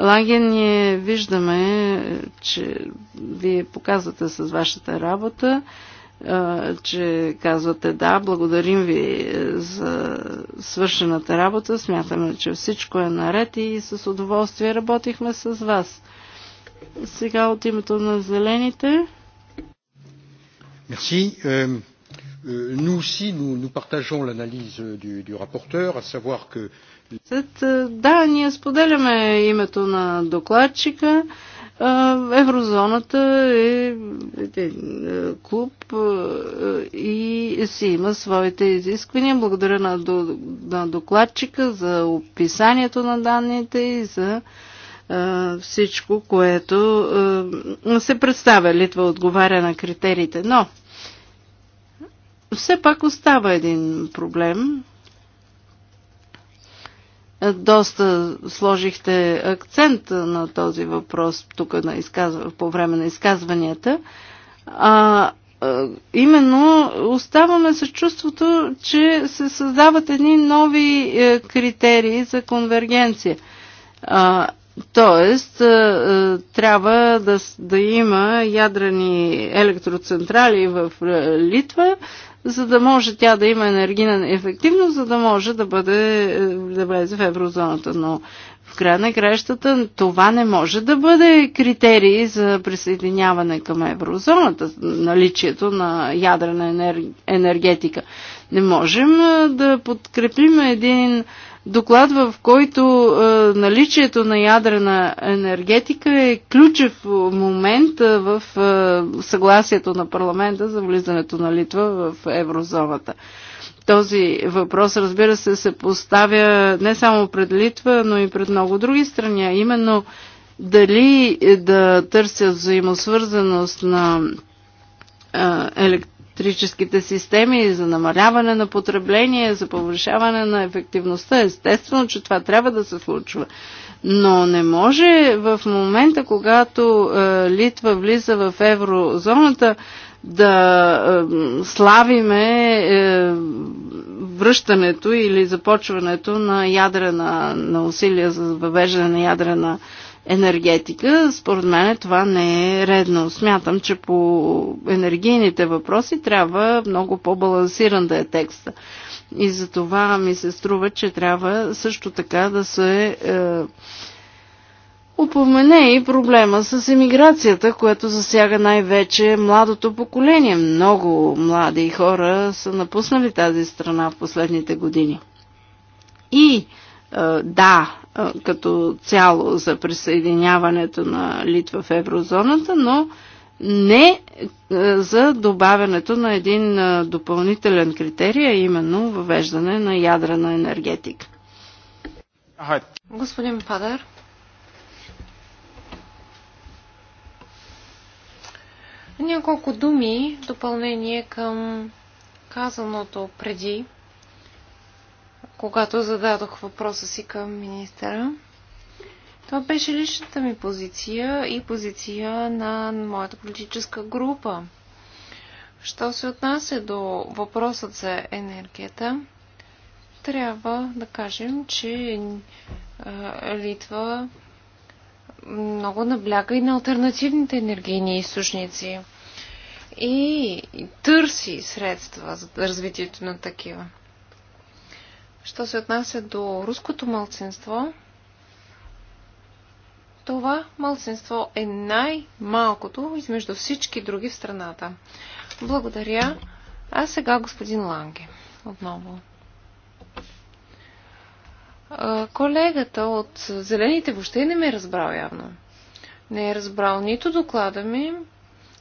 Ланген, ние виждаме, че вие показвате с вашата работа че казвате да, благодарим ви е, за свършената работа, смятаме, че всичко е наред и с удоволствие работихме с вас. Сега от името на зелените. Merci. Euh, nous aussi, nous, nous partageons l'analyse du, du rapporteur, à savoir que... Да, ние споделяме името на докладчика. Еврозоната е, е, е, е клуб и си има своите изисквания. Благодаря на докладчика за описанието на данните и за всичко, което се представя. Литва отговаря на критериите. Но все пак остава един проблем доста сложихте акцент на този въпрос тук на изказва, по време на изказванията. А, именно оставаме с чувството, че се създават едни нови е, критерии за конвергенция. А, тоест, е, е, трябва да, да има ядрени електроцентрали в Литва, за да може тя да има енергийна ефективност, за да може да бъде е, да влезе в еврозоната. Но в края на краищата това не може да бъде критерий за присъединяване към еврозоната, наличието на ядрена енергетика. Не можем е, да подкрепим един доклад, в който е, наличието на ядрена енергетика е ключов момент в съгласието на парламента за влизането на Литва в еврозоната. Този въпрос, разбира се, се поставя не само пред Литва, но и пред много други страни, а именно дали да търсят взаимосвързаност на електронните електрическите системи, за намаляване на потребление, за повишаване на ефективността. Естествено, че това трябва да се случва. Но не може в момента, когато е, Литва влиза в еврозоната, да е, славиме е, връщането или започването на ядрена, на усилия за въвеждане на ядрена енергетика. Според мен това не е редно. Смятам, че по енергийните въпроси трябва много по-балансиран да е текста. И за това ми се струва, че трябва също така да се е, упомене и проблема с емиграцията, което засяга най-вече младото поколение. Много млади хора са напуснали тази страна в последните години. И е, да, като цяло за присъединяването на Литва в еврозоната, но не е, за добавянето на един допълнителен критерий, а именно въвеждане на ядрена енергетика. Господин Падър, Няколко думи допълнение към казаното преди когато зададох въпроса си към министъра. Това беше личната ми позиция и позиция на моята политическа група. Що се отнася до въпросът за енергията, трябва да кажем, че Литва много набляга и на альтернативните енергийни източници и търси средства за развитието на такива. Що се отнася до руското мълцинство, това мълцинство е най-малкото измежду всички други в страната. Благодаря. А сега господин Ланге. Отново. Колегата от Зелените въобще не ме е разбрал явно. Не е разбрал нито доклада ми,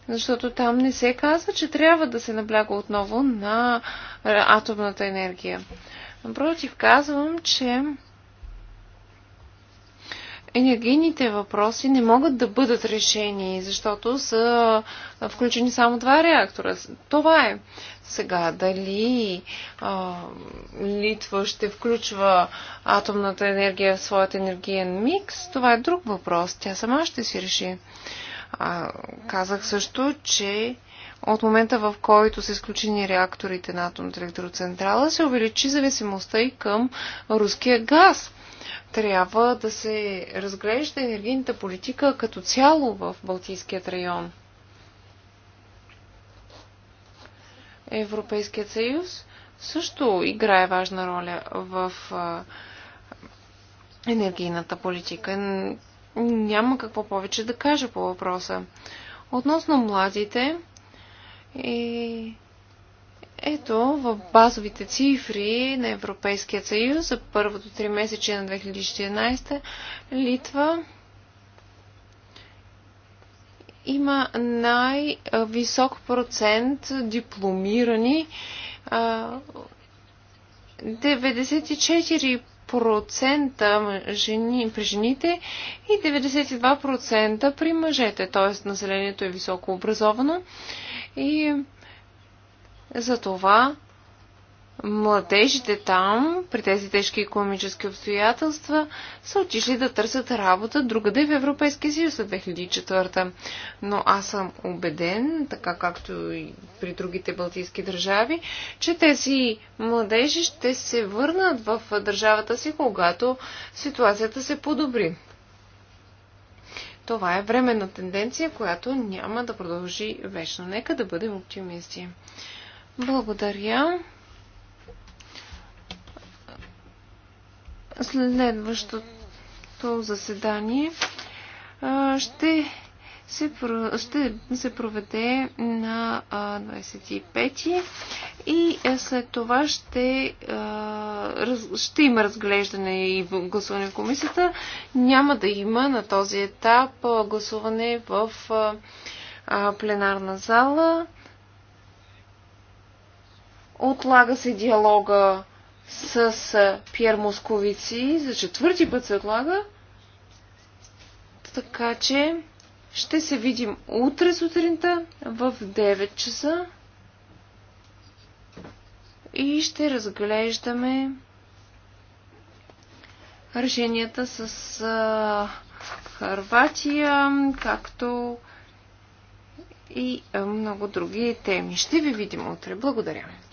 защото там не се казва, че трябва да се набляга отново на атомната енергия. Напротив, казвам, че енергийните въпроси не могат да бъдат решени, защото са включени само два реактора. Това е. Сега, дали а, Литва ще включва атомната енергия в своят енергиен микс, това е друг въпрос. Тя сама ще си реши. А, казах също, че от момента в който са изключени реакторите на атомната електроцентрала, се увеличи зависимостта и към руския газ. Трябва да се разглежда енергийната политика като цяло в Балтийският район. Европейският съюз също играе важна роля в енергийната политика. Няма какво повече да кажа по въпроса. Относно младите, и ето в базовите цифри на Европейския съюз за първото три месече на 2014 Литва има най-висок процент дипломирани. 94% жени, при жените и 92% при мъжете, т.е. населението е високо образовано. И за това младежите там, при тези тежки економически обстоятелства, са отишли да търсят работа другаде в Европейския съюз след 2004. Но аз съм убеден, така както и при другите балтийски държави, че тези младежи ще се върнат в държавата си, когато ситуацията се подобри. Това е временна тенденция, която няма да продължи вечно. Нека да бъдем оптимисти. Благодаря. Следващото заседание ще се, ще се проведе на 25 и след това ще, ще има разглеждане и гласуване в комисията. Няма да има на този етап гласуване в пленарна зала. Отлага се диалога с Пьер Московици. За четвърти път се отлага. Така че ще се видим утре сутринта в 9 часа и ще разглеждаме решенията с а, Харватия, както и а, много други теми. Ще ви видим утре. Благодаря.